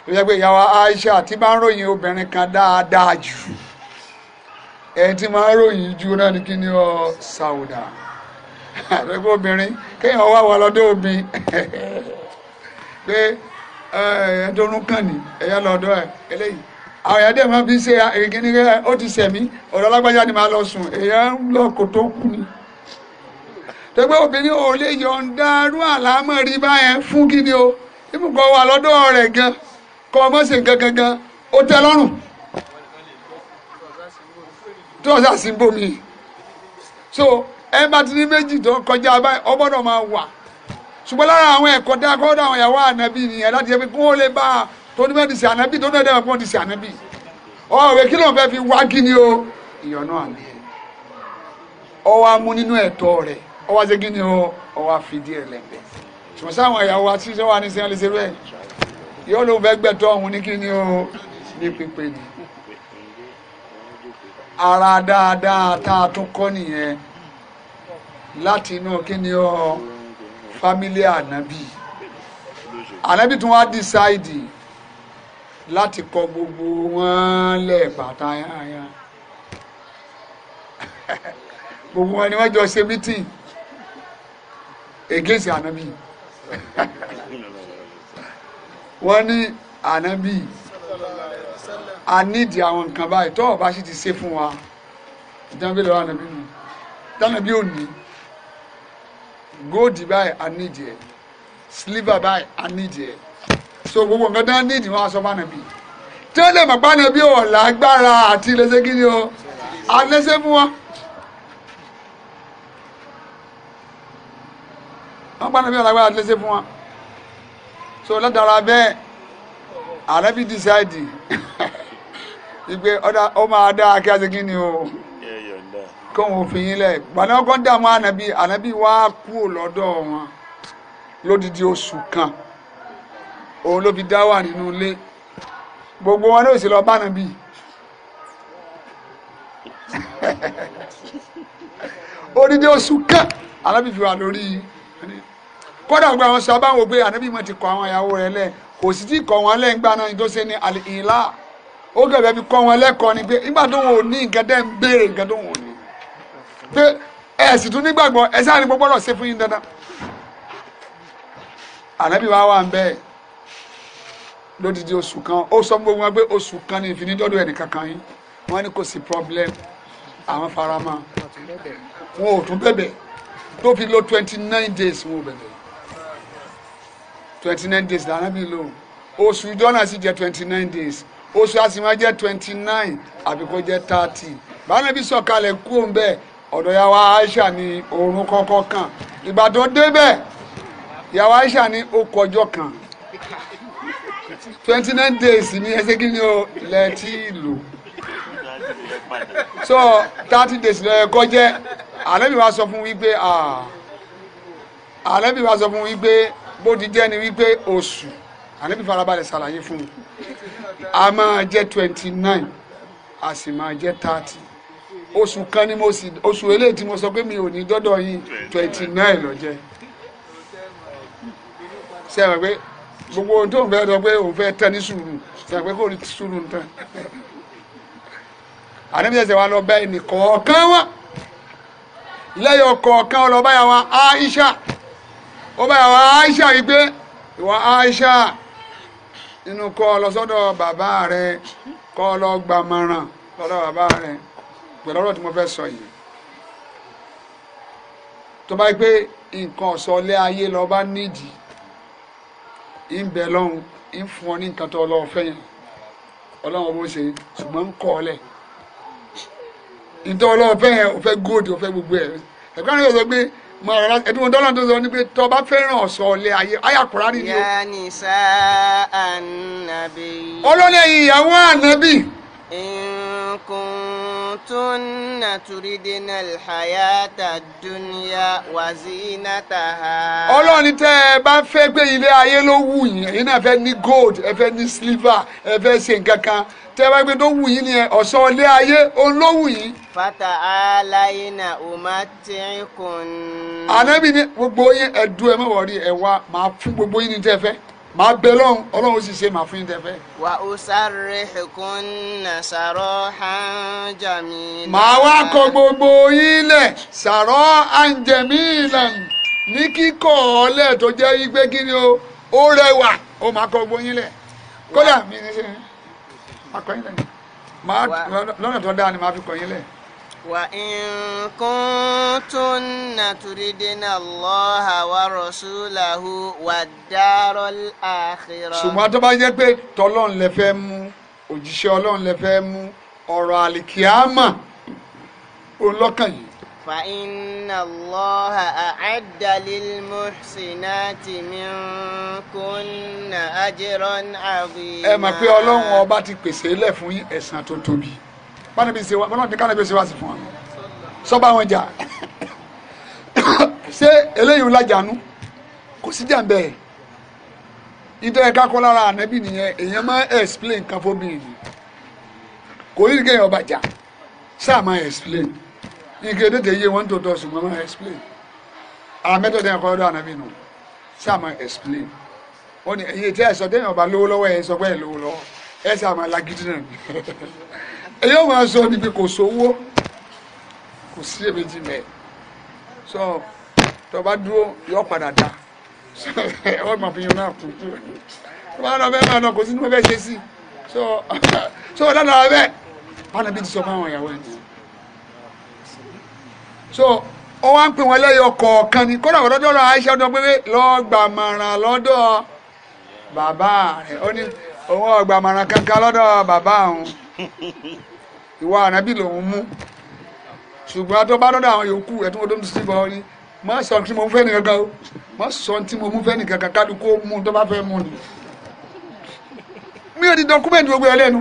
ó yẹ pé ìyàwó Aisha tí ma ń ròyìn obìnrin kan dáadáa jù ẹ̀ tí máa ń ròyìn jù náà ni kí ni ọ Sauda obìnrin kéèyàn wà (laughs) pé kàn ní a èèyàn máa fi ṣe ègínní rẹ ó ti sẹ̀mí ọ̀dọ́ lágbájá ni máa lọ sùn èèyàn ń lọ kó tó kú ni. tẹgbẹ́ obìnrin ò lè yọ̀ǹda arú rí báyẹn fún o ibùkọ́ wà lọ́dọ̀ rẹ̀ gan kọ́ ọmọ gangan gan ó tẹ́ lọ́rùn so ẹ bá ti ní méjì kọjá báyìí máa wà ṣùgbọ́n lára àwọn ẹ̀kọ́ àwọn ìyàwó tó ní bẹ́ẹ̀ ti sè ànábì tó ní ẹ̀dá ẹ̀kọ́ ti sè ànábì ọ̀rẹ́ kí ló ń fẹ́ fi wá kí ni o ìyọ̀nà àná ẹ̀ ọwọ́ amú nínú ẹ̀tọ́ rẹ̀ ọwọ́ ṣe kí ni o ọwọ́ àfidí ẹ̀ lẹ́gbẹ̀ẹ́ ṣùgbọ́n sáwọn ìyàwó wa tí wọ́n wà ní sẹ́yìn lè ṣe bẹ́ẹ̀ yóò ló ń fẹ́ gbẹ̀tọ́ ọ̀hún ní kí ni o ní pípé ni ara dáadáa tá a tún kọ́ nìyẹn láti inú kí ni o fámílì ànábì ànábì tún wá dísáìdì láti kọ gbogbo wọn lẹ́ẹ̀bàtà yáyà gbogbo wọn ni wọ́n jọ ṣe mítìn ègéṣì ànábì wọ́n ní ànábì a nídìí àwọn nǹkan báyìí tó ọba sì ti ṣe fún wa ìdánwò lọ́wọ́ ànábì nù dánábì ò ní góòdì báyìí a nídìí ẹ̀ sílíbà báyìí a nídìí ẹ̀ so gbogbo nǹkan tán nídìí wọn aṣọ fànàbí tí wọn lè mọ̀ pànàbí ò lágbára àti lẹ́sẹ̀ kí ni o àlẹ́sẹ̀ fún wọn. wọn pànàbí ò lágbára àti lẹ́sẹ̀ fún wọn so látara bẹ́ẹ̀ ààrẹ fi dísáìdì ìgbé ọ máa dá kí a ṣe kí ni o kóhun òfin yín lẹ̀ gbàdá ọkọ̀ dààmú ànábì ànábì wá kú lọ́dọ̀ wọn lódìdí oṣù kan. òun ló fi dá nínú ilé gbogbo wọn ní sì lọ bá nàbí (laughs) odidi oṣù kan alábì fi wà lórí kódà gbogbo àwọn sábà wò pé ànábì ti kọ àwọn ìyàwó rẹ lẹ kò sì ti náà tó ṣe àlìhìnlá ó fi wọn lẹ́kọ̀ọ́ ni pé nígbà tó wọn ò ní nǹkan béèrè nǹkan tó wọn ò ní pé lódìdí oṣù kan ó sọ gbogbo wọn pé oṣù kan ní ìfinidọ́dọ̀ ẹnìkankan yín wọ́n ní kò sí problem àwọn farama wọn ò tún bẹ̀bẹ̀ tó fi lo twenty nine days wọn ò bẹ̀bẹ̀ twenty nine days làwọn bí lò oṣù ìjọ sì jẹ́ twenty nine days oṣù àsìmọ́ jẹ́ twenty nine àbí kó thirty báwọn bí sọ̀kalẹ̀ kú òun bẹ́ẹ̀ ọ̀dọ̀ yàwá Aisha ni oorun kọ́kọ́ kàn ìgbà tó débẹ̀ yàwá Aisha ni ó kan twenty nine days ni ẹ ṣe kí ni o lẹ ti lò so thirty days lọ ẹkọ jẹ àlẹbí wa sọ fún wípé àlẹbí wa sọ fún wípé bó ti jẹ ni wípé oṣù àlẹbí farabalẹ̀ ṣàlàyé fún un a máa jẹ twenty nine a sì máa jẹ thirty oṣù kan ni mo sì oṣù eléyìí tí mo sọ pé mi ò ní dọ́dọ̀ yín twenty nine lọ jẹ sẹ́wọ̀n pé gbogbo ohun tó ń fẹ́ sọ pé òun fẹ́ tán ní sùúrù sọ pé kò ní sùúrù tán ànábi ẹsẹ̀ wa lọ bá ẹnì kọ̀ọ̀kan wa lẹ́yọ̀ kọ̀ọ̀kan lọ bá yàwá Aisha ó bá yàwá Aisha yìí pé ìwà Aisha nínú kọ́ ọ lọ sọ́dọ̀ bàbá rẹ kọ́ ọ lọ gbàmọ̀ràn lọ́dọ̀ bàbá rẹ pẹ̀lú ọ̀rọ̀ tí mo fẹ́ sọ yìí tó bá yẹ pé nǹkan ọ̀sọ̀lẹ̀ ayé lọ bá nídìí ń bẹ lọ́hùn ń fún ọ ní nǹkan tó ọlọ́wọ́ fẹ́ yẹn ọlọ́wọ́ bó ṣe ṣùgbọ́n ń kọ́ ọ lẹ̀ ìtọ́ ọlọ́wọ́ fẹ́ yẹn ò fẹ́ góòdì ò fẹ́ gbogbo ẹ̀ ẹ̀kọ́ náà yóò sọ pé mo rà ẹdun dọ́là tó sọ ni pé tó bá fẹ́ràn ọ̀sọ̀ ọ̀lẹ́ ayé ayàkùrá nìyí o. ya nisa olóyè ìyàwó ànábì. كنتن تردن الحياة الدنيا وزينتها. ọlọ́run tẹ́ ẹ bá fẹ́ gbé ilé ayé ló wù yín ẹ̀yin náà fẹ́ ní gold ẹ fẹ́ ní silver ẹ fẹ́ ṣe nǹkan kan tẹ́ ẹ bá gbé tó wù yín nìyẹn ọ̀sán ilé ayé olówù yín. fata alayna umatikun. ànábì ni gbogbo yín ẹ̀dùn ẹ̀ mọ̀ wọ̀ rí ẹ̀ wá màá fún gbogbo yín ní tẹ́ ẹ fẹ́ màá bẹ lọ́hùn ọlọ́run sì ṣe màá fún yín tẹ́fẹ́. wà ó sáré kún nà sàrọ́ àǹjàmí. màá wá kọ gbogbo yín lẹ̀ sàrọ́ àǹjẹ̀mí ìlànà ní kíkọ́ ọ̀lẹ́ tó jẹ́ igbe gíní o ó rẹwà ó máa kọ gbogbo yín lẹ̀ kódà mi ní sẹ́yìn máa kọ yín lẹ̀ lọ́nà tó dáa ni màá fi kọ yín lẹ̀. وإن كنتن تردن الله ورسوله والدار الآخرة. ṣùgbọ́n tó bá jẹ́ pé tọ́lọ́n lè fẹ́ mú òjíṣẹ́ ọlọ́run lè fẹ́ mú ọ̀rọ̀ àlìkíámà olọ́kàn yìí. فإن الله أعد للمحسنات منكن أجرا عظيما. ẹ mọ̀ pé ọlọ́run ọba ti pèsè lẹ̀ fún ẹ̀san tó tóbi bánabi ṣe wá bọ́lá ní kánabi ṣe wá sí fún wa sọ́ba wọn jà ṣé eléyìí lajànú kò sí jà bẹ́ẹ̀ ìtọ́ ẹ̀ka kọ́ lára ànábì nìyẹn èèyàn máa explain kan fóbìnrin kò rí ìgbẹ́ ọba jà sáà máa explain ìgbẹ́ tètè yé wọn tó tọ́ ṣùgbọ́n máa explain àmẹ́tọ̀dẹ́ ẹ̀kọ́ ọdọ ànábì nù sáà máa explain ó ní èyí tí ẹ̀ sọ tẹ́yìn ọba lówó lọ́wọ́ ẹ̀ sọ pé ẹ̀ lówó lọ́wọ́ ẹ̀ sáà máa lagídí náà (laughs) èyí ò máa níbi kò sówó kò sí èméjì mẹ sọ tó bá dúró yọ padà dá (laughs) ọ máa fi yan náà kú tó bá lọ bẹ́ẹ̀ máa lọ kò sí ní mo fẹ́ ṣe sí so (laughs) so dáadáa bẹ́ẹ̀ báwọn bí ti sọ fáwọn ìyàwó ẹ̀ so ó wá ń pè wọn lẹ́yọ kọ̀ọ̀kan ni kódà ọ̀dọ́ dọ́rọ̀ Aisha ọdún pé lọ́ọ́ gbàmọ̀ràn lọ́dọ̀ bàbá rẹ̀ ó ní òun ọ̀gbàmọ̀ràn kankan lọ́dọ̀ bàbá òun ìwà ànábì lòun mú ṣùgbọ́n tó bá dọ́dọ̀ àwọn yòókù ẹ̀tún odó ti bọ̀ rí má sọ tí mo fẹ́ nìkan kan o má sọ tí mo mú fẹ́ nìkan kan kálí kó mú tó bá fẹ́ mú ni. mi ò di dọkúmẹ̀ntì gbogbo ẹ lẹ́nu.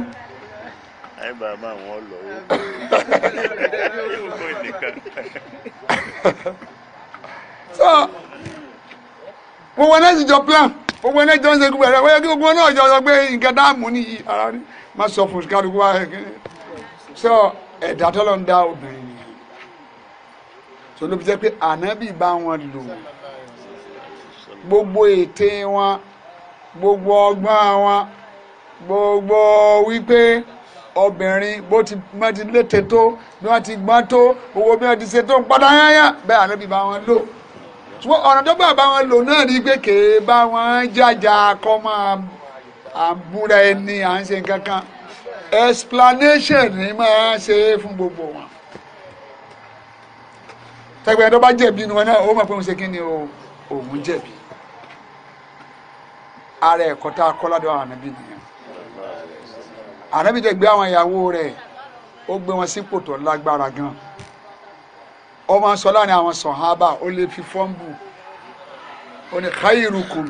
ẹ bá a máa wọ́n lọ so gbogbo ẹ náà ti jọ plan gbogbo ẹ náà jọ ń ṣe gbogbo ẹ rẹ wọ́n yẹ kí gbogbo náà jọ sọ pé nǹkan dáàmú nìyí ara rí má sọ fún kálukú wa sọ ẹ̀dá tọ́lọ̀ ń dá obìnrin nìyẹn tó ló fi jẹ́ pé ànábì bá wọn lò gbogbo ète wọn gbogbo ọgbọ́n wọn gbogbo wípé obìnrin bó ti má ti lété tó bí wọ́n ti gbọ́n tó owó bí wọ́n ti ṣe tó ń padà yányá bẹ́ẹ̀ ànábì bá wọn lò ọ̀nà tó bá wọn lò náà ni pé kèé bá wọn jájà kọ́ máa à ń búra ẹni à ń ṣe nǹkan explanation ni máa ṣe é fún gbogbo wọn tẹgbẹ́ tó bá jẹ̀bi ni wọn náà ó mọ̀ pé òun ṣe kí ni o òun jẹ̀bi ara ẹ̀kọ́ tá a kọ́ ládùn àwọn ànábì nìyẹn ànábì tẹ gbé àwọn ìyàwó rẹ̀ ó gbé wọn sípò tó lágbára gan ó máa ń sọ láàrin àwọn sọ̀hábà ó lè fi fọ́ǹbù ó ní khairukum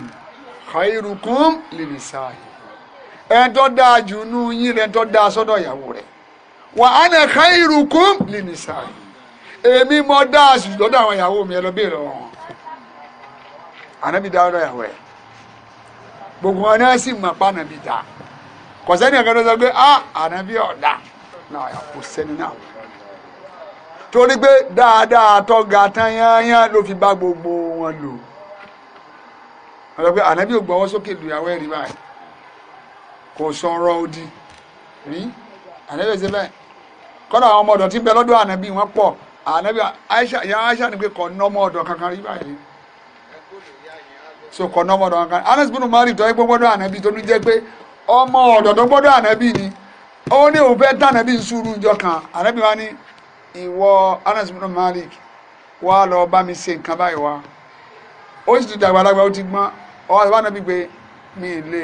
khairukum lè ní sáàyè ẹni tó dáa jù nú yín rẹ̀ tó dáa sọ́dọ̀ ìyàwó rẹ̀ wà á nà ká irukún lè ní sáà èmi mọ dáa jù àwọn ìyàwó mi ẹ lọ bèèrè wọn ànábì dáa ìyàwó ẹ̀ gbogbo wọn náà sì mọ̀ pa ànábì dáa kọ̀sẹ́ni ẹ̀ka tó sọ pé ah ànábì ọ̀dà náà kò sẹ́ni náà torí pé dáadáa tó ga tán yányán ló fi bá gbogbo wọn lò sọ pé ò gbọ́wọ́ sókè kò sọ̀rọ̀ òdì rí ànábì ṣe bẹ́ẹ̀ kọ́dà àwọn ọmọ ọ̀dọ̀ tí bẹ lọ́dọ̀ ànábì wọ́n pọ̀ ànábì Aisha ìyá Aisha ni pé kò ná ọmọ ọ̀dọ̀ kankan rí báyìí so kò ná ọmọ ọ̀dọ̀ kankan Anas bin Mari tọ́ ẹgbẹ́ gbọ́dọ̀ ànábì tó ní jẹ́ pé ọmọ ọ̀dọ̀ tó gbọ́dọ̀ ànábì ni ó ní òun fẹ́ tán ànábì sùúrù ìjọ kan ànábì wa ní ìwọ Anas bin Mari wá lọ bá mi ṣe nǹkan báyìí wá ó sì ti dàgbàlagbà ó ti gbọ́n ọwọ́ mi ì lè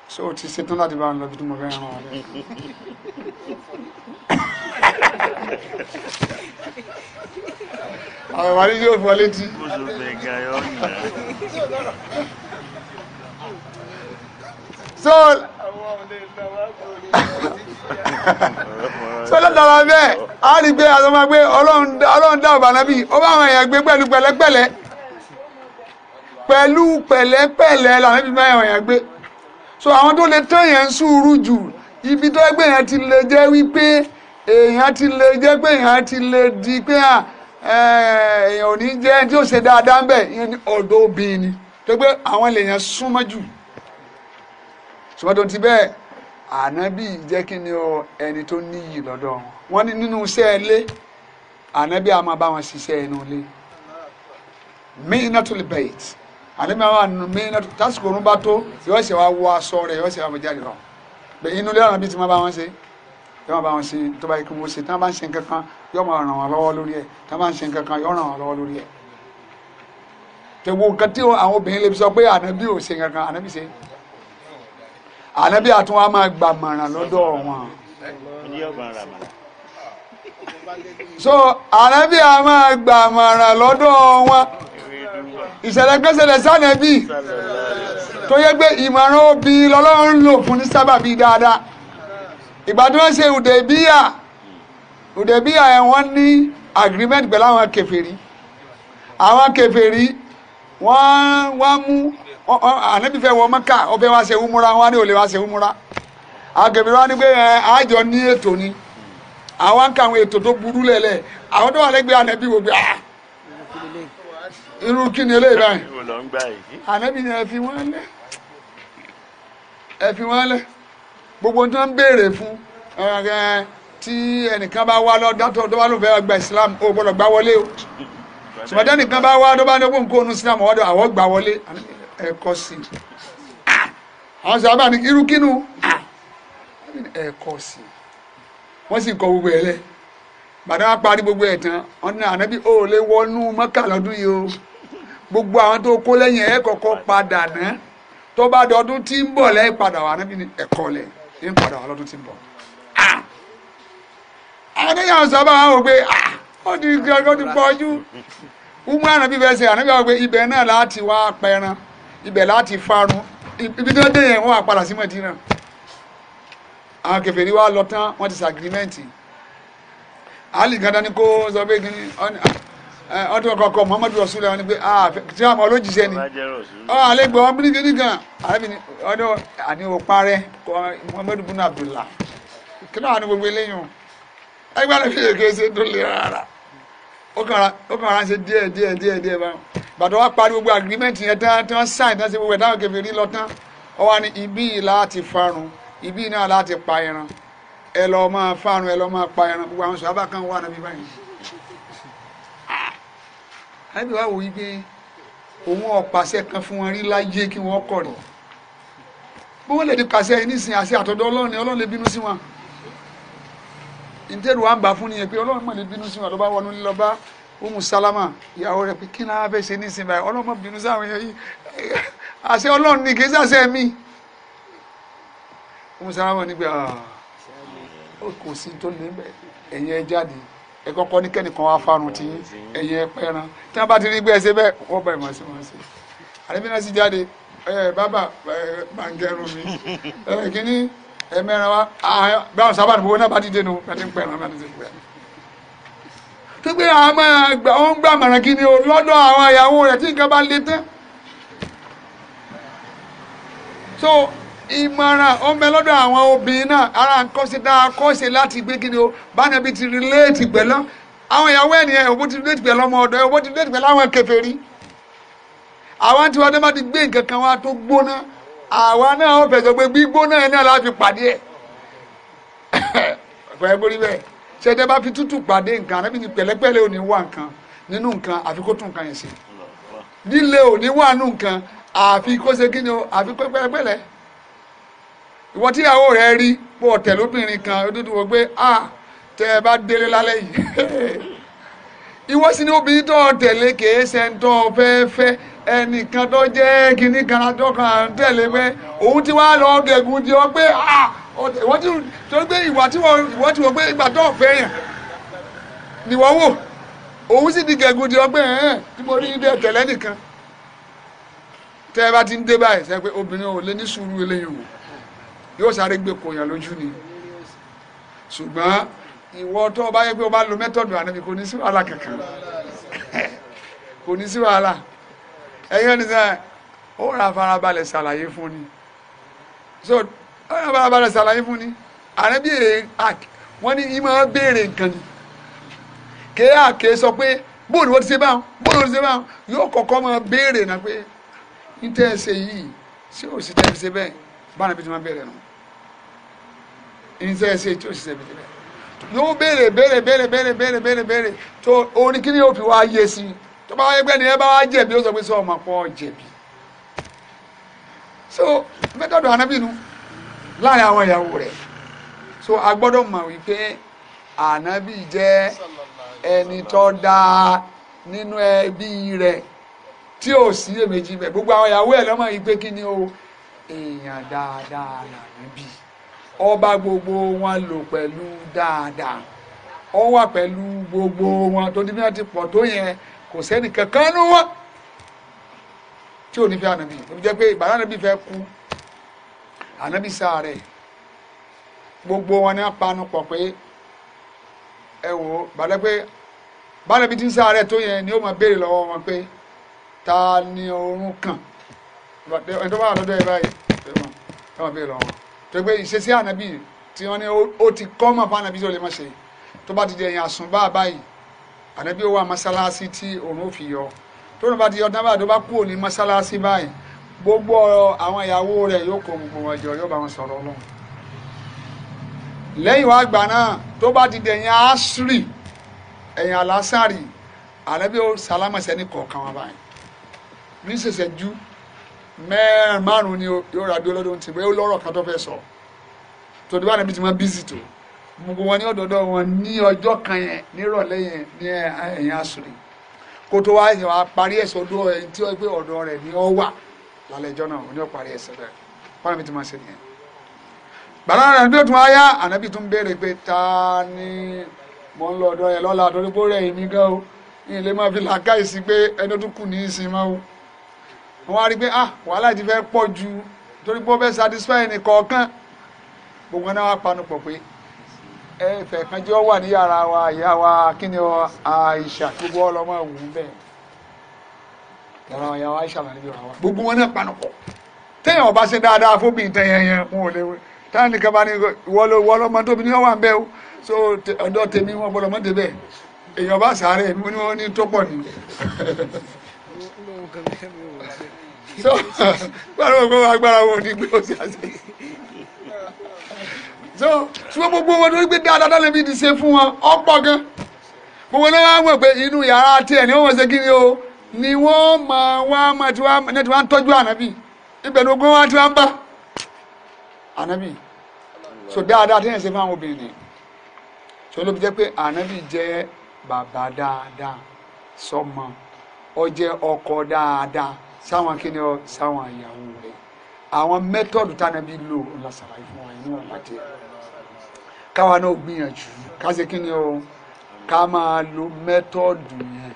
so o ti ṣetán láti bá ń lọ bí tí mo fẹ́ ràn ọ́ lẹ́yìn. àwọn ìwádìí yóò fọ létí. so so látara bẹ́ẹ̀ a rí pé àwọn ọmọ gbé ọlọ́run dá ọ̀bà náà bí ó bá àwọn èèyàn gbé pẹ̀lú pẹ̀lẹ́pẹ̀lẹ́ pẹ̀lú pẹ̀lẹ́pẹ̀lẹ́ làwọn ẹbí gbé so àwọn tó lè tán yẹn ń sùúrù jù ibi tó ẹgbẹ́ yẹn ti lè jẹ́ wípé èèyàn ti lè jẹ́ pé èèyàn ti lè di pé èèyàn ò ní jẹ́ tí ó ṣe dáadáa ń bẹ̀ ìyẹn ní ọ̀dọ́ obìnrin ni tó pé àwọn èèyàn súnmọ́ jù ṣùgbọ́n tó ti bẹ́ẹ̀ ànábì jẹ́ kí ni o ẹni tó níyì lọ́dọ̀ wọn ní nínú iṣẹ́ ilé ànábì á máa bá wọn ṣiṣẹ́ inú ilé mí iná tó lè bẹ̀yìí àlẹ́mí àwọn ànú mi tásìkò òun bá tó yọ ẹsẹ̀ wa wọ aṣọ rẹ̀ yọ ẹsẹ̀ wa mọ jáde lọ bẹ́ẹ̀ inú ilé ọ̀nà bíi ti máa bá wọn ṣe yọ máa bá wọn ṣe tó bá yẹ kí wọ́n ṣe tí wọ́n bá ń ṣe nǹkan kan yọ máa ràn wọ́n lọ́wọ́ lórí ẹ̀ tí wọ́n bá ń ṣe nǹkan kan yọ ràn wọ́n lọ́wọ́ lórí ẹ̀. tẹ̀wọ́ nǹkan tí àwọn obìnrin lè sọ pé ànábì ò ṣe nǹkan kan wa máa gbà mọ̀ràn lọ́dọ̀ wọn. so ànábì a máa gbà mọ̀ràn lọ́dọ̀ wọn ìṣẹ̀lẹ̀ gbẹ́sẹ̀lẹ̀ sànẹ́bí tó yẹ pé ìmọ̀ràn òbí lọ́lọ́run lò fún ní sábàbí dáadáa ìgbà tí wọ́n ṣe ùdẹ̀bíyà ùdẹ̀bíyà ẹ̀ wọ́n ní agreement pẹ̀lú àwọn kèfèrí àwọn kèfèrí wọ́n wá mú ànábì fẹ́ wọ Mẹ́kà ó wá ṣe umura wọ́n ní ó lè wá ṣe umura àwọn kèfèrí wọ́n ní pé àjọ ní ètò ni àwọn kàwọn ètò tó burú lẹ̀lẹ̀ àwọn tó wà lẹ́gbẹ̀ẹ́ ànábì wò pé ah irú kí ni eléyìí báyìí ànábì ni ẹ fi efi lẹ̀ ẹ gbogbo tó ń béèrè fún tí ẹnìkan bá wá lọ́dọ̀ tó bá gba Islam ó gbá wọlé o sọ̀rọ̀dá nìkan bá wá tó bá ní kó Islam ọ̀dọ̀ àwọ̀ gbá wọlé sí i àwọn irú sí kọ gbogbo gbogbo tán ní ànábì ó lè wọnú yìí o. gbogbo àwọn tó kó lẹ́yìn ẹ̀ kọ́kọ́ padà ná tó bá dọdún tí ń bọ̀ lẹ́yìn padà wà níbi ẹ̀kọ́ lẹ̀ ń padà wà lọ́dún tí ń bọ̀. àdéhùn sábà wà wò pé ó ti gbọ́ ti pọ́jú umu ànábì fẹ́ ṣe ànábì wà pé ibẹ̀ náà láti wá pẹran ibẹ̀ láti farun ibi tó dé yẹn wọ́n á padà sí Mẹdínà àwọn kèfèrí wa lọ tán wọ́n ti ṣàgírímẹ́ǹtì àlì gándan kó sọ pé kí ni ọdún ọkọ ọkọ muhammadu rasul wọn ni ah tí wọn ni ọ alẹ gbọ ọdún àní o parẹ kọ muhammadu bin abdullah kí náà ni gbogbo fi tó ó kàn báwọn bàtà wọn parí gbogbo yẹn tán tán ṣe gbogbo kẹfì ọ láti farun náà láti pa ẹran ẹ lọ máa farun ẹ lọ máa pa ẹran gbogbo àwọn sọ àbí wàá wò yí pé òun ọ̀pàṣẹ kan fún wọn rí láyé kí wọ́n kọ̀ rí bí wọ́n lè di pàṣẹ yìí nísìnyí àṣẹ àtọ̀dọ̀ ọlọ́run ọlọ́run lè bínú sí wọn ìdẹ́rù wa ń bà fún nìyẹn pé ọlọ́run mọ̀ lè bínú sí wọn ló bá wọnú lọ bá umu salama ìyàwó rẹ pé kí náà fẹ́ ṣe nísìnyí báyìí ọlọ́run mọ̀ bínú sáwọn èèyàn yìí àṣẹ ọlọ́run ni kì í ṣàṣẹ mi umu salama nígbà ah, ó kò sí tó lé ẹ̀yìn jáde ẹ kọ́kọ́ ní kẹ́nìkan wá fárun tí ẹ̀yìn ẹ̀pẹ́ran tí wọ́n bá ti rí gbé ẹsẹ̀ bẹ́ẹ̀ wọ́n bá ìmọ̀ sí wọn sí àdébínà sì jáde ẹ bàbá ẹ bàǹgẹ̀rù mi ẹ kìíní ẹ mẹ́ran wa báwọn sábà ní gbogbo náà bá ti dé nu pẹ̀lú pẹ̀lú náà ti pẹ̀lú. tó gbé àwọn máa gbà ó ń gbà mọ̀ràn kí ni o lọ́dọ̀ àwọn ìyàwó rẹ̀ tí nǹkan bá le tán. so ìmọ̀ràn ọmọ ẹlọ́dọ̀ àwọn obìnrin náà ara nǹkan ṣe dáa kọ́ ṣe láti gbé kí ni o bánàbí ti relate pẹ̀lú àwọn ìyàwó ènìyàn òbó ti relate pẹ̀lú ọmọ ọ̀dọ́ òbó ti relate pẹ̀lú àwọn kèfèrí àwọn tí wọn dé má ti gbé nǹkan kan wá tó gbóná àwa náà ó fẹsọ̀ pé gbígbóná yẹn náà láti pàdé ẹ̀ (laughs) pẹ̀lú borí bẹ́ẹ̀ ṣẹ̀dẹ̀ bá fi tútù pàdé nǹkan àrẹ́bí ni pẹ̀lẹ́pẹ̀lẹ́ ò ní wà nǹkan nínú nǹkan àfi kó tún nǹkan yẹn ṣe líle ò ní wà nù nǹkan àfi kó ṣe kí ni o àfi pẹ́pẹ́pẹ́lẹ́ ìwọ tíyàwó rẹ rí pé ọ̀tẹ̀ lóbìnrin kan dúdú wọ pé a tẹ ẹ bá délé lálẹ́ yìí (laughs) ìwọ sì ni obìnrin tó tẹ̀lé kìí ṣe ń tọ́ fẹ́ẹ́fẹ́ ẹnìkan tó jẹ́ kínní kan tó kàn ń tẹ̀lé pé òun ti wá lọ gẹ̀gùn di ọ pé a ìwọ tí torí pé ìwà tí ìwọ tí wọ́n pé ìgbà tó fẹ́ yàn ni wọ́n wò òun sì di gẹ̀gùn di ọ pé ẹ̀ẹ́n tí mo rí ní tẹ̀lé nìkan tẹ́ ẹ bá ti ń dé báyìí sẹ́ pé obìnrin ò lé ní sùúrù eléyìí o yóò sáré gbé kòyàn lójú ni ṣùgbọ́n ìwọ tó o bá yẹ pé o bá lo mẹ́tọ̀dù ànábi kò ní sí wàhálà kankan (laughs) kò ní sí wàhálà ẹ̀yìn ọ̀nì sẹ́yìn ó ra farabalẹ̀ ṣàlàyé fún ni so ó ra farabalẹ̀ ṣàlàyé fún ni ànábi èrè wọ́n ní ìmọ̀ béèrè nǹkan ni kéèyà kéè sọ pé bóòlù wọ́n ti ṣe báwọn bóòlù wọ́n ti ṣe báwọn yóò kọ́kọ́ máa béèrè náà pé ní tẹ́ ẹ ṣe yìí ṣé òsì tẹ́ fi ṣe bẹ́ẹ̀ báwọn ibi tí wọ́n béèrè nù iṣẹ́ ṣe tí ó ṣiṣẹ́ ibi tẹ́lẹ̀ ló béèrè béèrè béèrè béèrè béèrè béèrè béèrè tó orin kí ni yóò fi wá yé sí tó bá wáyé pé ẹni ẹ bá wá jẹ̀bi ó sọ pé sọ ọmọ pọ̀ jẹ̀bi so mẹ́tọ́dù anábìnú láàrin àwọn ìyàwó rẹ̀ so a gbọ́dọ̀ mọ̀ wípé ànábì jẹ́ ẹni tó dáa nínú ẹbí rẹ̀ tí ò sí èméjì bẹ̀ gbogbo àwọn ìyàwó ẹ̀ lọ́mọ yìí pé kí ni o èèyàn dáadáa nàbí ọba gbogbo wọn lò pẹ̀lú dáadáa ó wà pẹ̀lú gbogbo wọn tó ní bí ti pọ̀ tó yẹn kò sẹ́ni kankan nú wọn tí ò ní fi ànàbí ó jẹ́ pé ìbára ànàbí fẹ́ kú ànàbí sáré gbogbo wọn ni wọ́n panu pọ̀ pé ẹ wò ó bàdẹ́ pé bàdẹ́ bí ti ń sáré tó yẹn ni ó máa béèrè lọ́wọ́ wọn pé ta ni oorun kàn ẹni tó bá lọ́dọ̀ ẹ báyìí ẹ máa bèèrè lọ́wọ́ tó gbé ìṣesí ànábì tí wọ́n ní ó ti kọ́ mọ̀ fún ànábì tó lè má ṣe tó bá ti di ẹ̀yìn àsùn bá báyìí ànábì ó wà tí òun ó fi yọ tó ní bá ti yọ tán báyìí tó bá kúrò ní mọ́sálásí báyìí gbogbo àwọn ìyàwó rẹ̀ yóò kó gbogbo wọn jọ yóò bá wọn sọ̀rọ̀ ọlọ́run lẹ́yìn wá gbà náà tó bá ti di ẹ̀yìn àsírì ẹ̀yìn àlásàrì ànábì ó sálámọ̀sẹ́ ní kọ̀ọ̀kan wọn báyìí ní ṣẹ̀ṣẹ̀ mẹ́rin márùn ni yóò ra dúró lọ́dún tí pé ó lọ́rọ̀ kan tó fẹ́ sọ tó dúró àná bí ti wọ́n bízì tó gbogbo wọn ní ọ̀dọ̀dọ̀ wọn ní ọjọ́ kan yẹn nírọ̀lẹ́ yẹn ní ẹ̀yìn àṣírí kó tó wá ìwà parí ẹ̀sọ́ dúró ẹni tí wọ́n gbé ọ̀dọ̀ rẹ̀ ní ọ wà lálẹ́ ẹjọ́ náà ó ní ọ parí ẹ̀sọ́ rẹ̀ wọn àbí ti máa ṣe nìyẹn. bàbá rẹ̀ bí ó tún wáyá ànábì tún béèrè pé ta ni mo ń lọ ọ̀dọ̀ yẹn lọ́la torí rẹ̀ yìí ní gan ilé máa fi làákàyè sí pé ẹni tó kù ní í máa ń wọ́n wá rí pé ah wàhálà ti fẹ́ pọ̀ ju torí pé ó fẹ́ satisfy ẹnì kọ̀ọ̀kan gbogbo náà wá panu pọ̀ pé ẹ fẹ́ kan jẹ́ ọ wà ní yàrá wa ìyá wa kí ni ọ Àìṣà gbogbo ọlọmọ wù ú bẹ́ẹ̀ yàrá wa ìyá wa Àìṣà là níbi ọ̀rọ̀ wa gbogbo wọn náà panu pọ̀ téèyàn ọba ṣe dáadáa fóbìnrin tẹ̀yẹn yẹn wọn ò léwu táwọn nìkan bá ní wọlọmọ tóbi ní ọ wà ń bẹ́ẹ̀ o so ọ̀dọ̀ tèmi wọn gbọ́dọ̀ mọdé bẹ́ẹ̀ èèyàn bá sàárẹ mi ni wọn ní tó pọ̀ nínú. so gbàrà wọn gbọ́dọ̀ agbára wọn ní gbé ọ̀sẹ̀ àṣẹ so gbogbo wọn ló gbé dáadáa lè fi se fún wọn ọ̀pọ̀ gan gbogbo náà wá mọ̀ pé inú yàrá tiẹ̀ ni wọ́n ṣe kiri o ni wọ́n mọ̀ wá mọ̀ tí wọ́n tọ́jú ànábì ibẹ̀ ló gbé wọn tí wọ́n bá ànábì so dáadáa tí ṣe fún àwọn obìnrin so ló fi jẹ́ pé ànábì jẹ́ sọmọ ọ jẹ́ ọkọ dáadáa. sáwọn kíni ọ sáwọn ìyàwó rẹ̀ àwọn mẹ́tọ́dù tánàbí lò ọ̀làṣàlàyé fún wa nínú àlàtẹ̀ káwa náà gbìyànjú ká ṣe kíni ọ ká máa lo mẹ́tọ́dù yẹn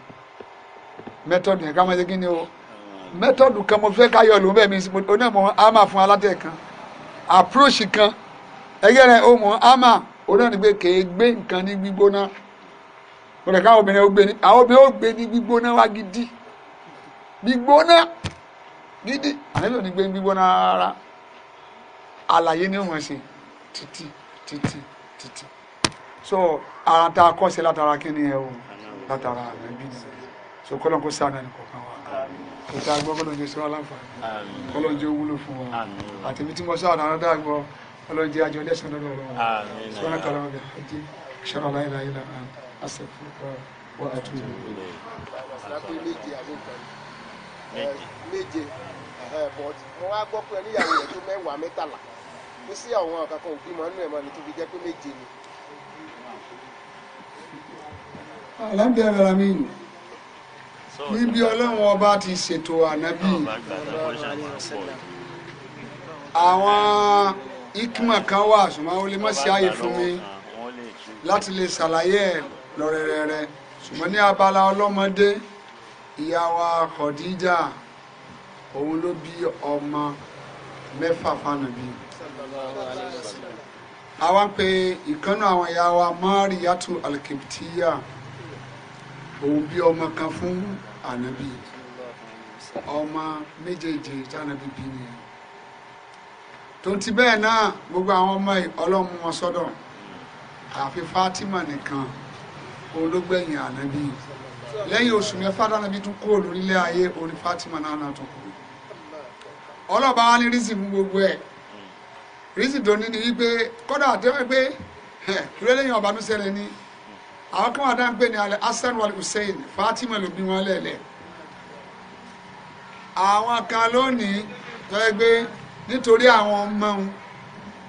mẹ́tọ́dù yẹn ká máa ṣe kíni ọ mẹ́tọ́dù kan mo fẹ́ ká yọ lòun bẹ́ẹ̀ mi oní ama á máa fún alátẹ̀ kan approach kan ẹgbẹ́ rẹ̀ ó mọ̀ á máa oní gbé nǹkan ní gbígbóná mo obìnrin ó gbé ní gbígbóná wá gidi gbígbóná gidi àníbẹ̀ ní gbé gbígbóná rárá àlàyé ni ó mọ̀ ṣe títí títí títí so ara tá a kọ́ sí látara kí ni ẹ o látara àná bí ni so kọ́lọ́n kó sáà náà ní kọ̀ọ̀kan wa kò tá a gbọ́ kọ́lọ́n jẹ́ sọ́ra láǹfààní kọ́lọ́n jẹ́ wúlò fún wa àti ibi tí mo sọ àdáná dá gbọ́ kọ́lọ́n jẹ́ àjọ lẹ́sìn lọ́dọ̀ ọ̀rọ̀ sọ́nà kọ́lọ́n bẹ̀ ẹ̀jẹ̀ ṣọ́nà láìláìlà àṣẹ fún wa wà á tún un méje but mo wá gbọ́ pé níyàwó rẹ̀ tó mẹ́wàá mẹ́tàlá pé sí àwọn kankan òbí mọ́ nínú ẹ̀ mọ́ ni tó fi jẹ́ pé méje ni. alhamdulilayi níbi ọlọ́run ọba ti ṣètò ànábì àwọn ikima kan wà ṣùgbọ́n ó lè má ṣe àyè fún mi láti lè ṣàlàyé ẹ̀ lọ́rẹ̀rẹ̀rẹ̀ ṣùgbọ́n ní abala ọlọ́mọdé ìyá wa Khadija òun ló bí ọmọ mẹ́fà fanabi àwa ń pe ìkànnì àwọn ìyá wa Mariyatu al-Qibtiya òun bí ọmọ kan fún ànábì ọmọ méjèèjì tànábì bí nìyẹn tó ti bẹ́ẹ̀ náà gbogbo àwọn ọmọ ọlọ́run wọn sọ́dọ̀ àfi Fatima nìkan òun ló lẹ́yìn oṣù mẹ́fà tánàbí tún kúrò lórílẹ̀ ayé orí Fatima náà náà tún kúrò ọlọ́ba wa ní rísì fún gbogbo ẹ̀ rísì dòní ni wípé kódà àtẹ́wẹ́ pé ìrẹ́lẹ́yìn ọ̀bánú sẹ́lẹ̀ ni àwọn kan wà dá ń pè ní alẹ́ Hasan wal Hussein Fatima ló bí wọn lẹ́lẹ̀ àwọn kan lónìí tọ́jú pé nítorí àwọn ọmọ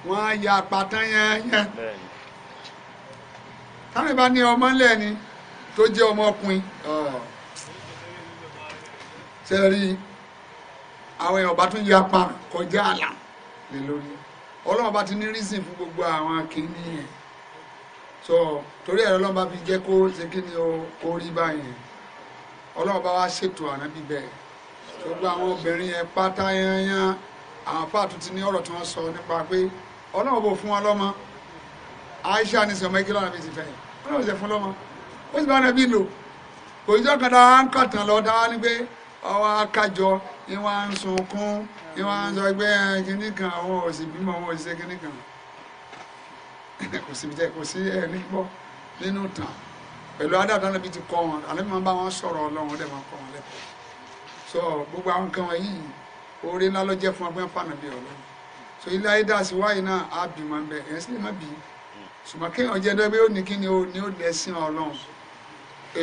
wọn ya pátán yẹn yẹn táwọn ìbá ní ọmọ ńlẹ̀ tó jẹ́ ọmọkùnrin ṣe rí àwọn èèyàn bá tún yapa kọjá àlà lè lórí ọlọ́run bá ti ní reason fún gbogbo àwọn kìíní yẹn so torí ẹ̀rọ ọlọ́run bá fi jẹ́ kó ṣe kí ni ó rí báyẹn ọlọ́run bá wá ṣètò ànábì bẹ́ẹ̀ gbogbo àwọn obìnrin yẹn pátá yanyan àwọn fáàtú ti ní ọ̀rọ̀ tí wọ́n sọ nípa pé ọlọ́run bò fún wọn lọ́mọ Aisha ní sọmọ ekele ọ̀nà mi ti fẹ́ ọlọ́run ṣe fún lọ́mọ ó sì bá nàbí lò kò ìjọ kan tá a ń kọ̀tàn lọ tá a ní pé ọwọ́ akájọ ni wọ́n á ń sunkún ni wọ́n á ń sọ pé kíní kan àwọn òsì bímọ àwọn òsì kíní kan (laughs) kò sì jẹ́ kò sí ẹ̀ ní gbọ́ nínú tàn pẹ̀lú adáàdá níbi ti kọ́ wọn àlẹ́ máa bá wọn sọ̀rọ̀ ọlọ́run ó dẹ̀ máa kọ́ wọn lẹ́kọ̀ọ́ sọ gbogbo àwọn nǹkan wọ̀nyí oore ńlá ló jẹ́ fún ọgbẹ́ fànà bíi ọlọ́run so ilé ayé dá sí wáyé náà á bì máa ń bẹ ẹ̀ sì lè má bì í ṣùgbọ́n kéèyàn jẹ́ dẹ́gbẹ́ ó ní kí ni ó lẹ́sìn ọlọ́run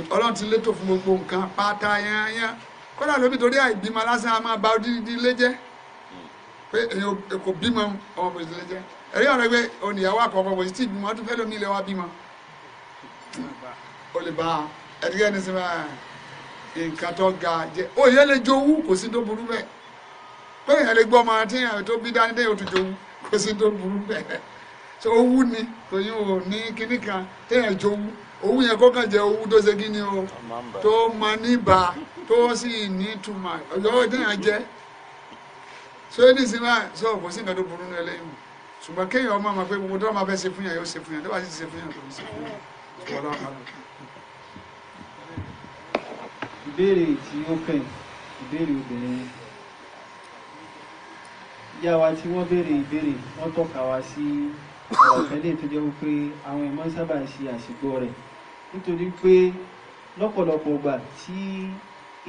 ọlọ́run ti létò fún gbogbo nǹkan pátá yányán kọ́dà lóbi torí àìbímọ lásán a máa ba odidi ilé jẹ́ pé èèyàn kò bímọ ọmọ bòsí ilé jẹ́ ẹ̀rí ọ̀rẹ́ pé oníyàwó àkọ́kọ́ bòsí tí ìbímọ ọdún fẹ́ lómi ilé wa bímọ o lè ba ẹ̀dígẹ́ ní sinmi nǹkan tó ga jẹ́ òye lè jowú kò sí tó burú bẹ́ẹ̀ pé èèyàn lè gbọ́ ọmọ àti èèyàn tó bí dání dé òtún jowú kò sí tó burú bẹ́ẹ̀ so owú ni kò yín ò ní kíníkan téèyàn jowú owó yẹn kọ́kàn jẹ́ owó tó ṣe kí ni o tó ma níbà tó sì ní túmọ̀ ọjọ́ ìdíyàn jẹ́ so ní sinmi so kò sí nǹkan tó burú ní ẹlẹ́yìn ṣùgbọ́n kéèyàn ọmọ máa pé gbogbo tó máa fẹ́ ṣe fún yàn yóò ṣe fún yàn tó bá sì ṣe fún yàn tó ń ṣe fún yàn ìbéèrè tí ó kàn ìbéèrè obìnrin ìyá wa tí wọ́n béèrè ìbéèrè wọ́n tọ́ka wa sí ọ̀rọ̀ tẹ́lẹ̀ tó jẹ́ wípé àwọn ìmọ̀ sábà ń ṣe àṣìgbọ́ rẹ̀ nítorí pé lọ́pọ̀lọpọ̀ ìgbà tí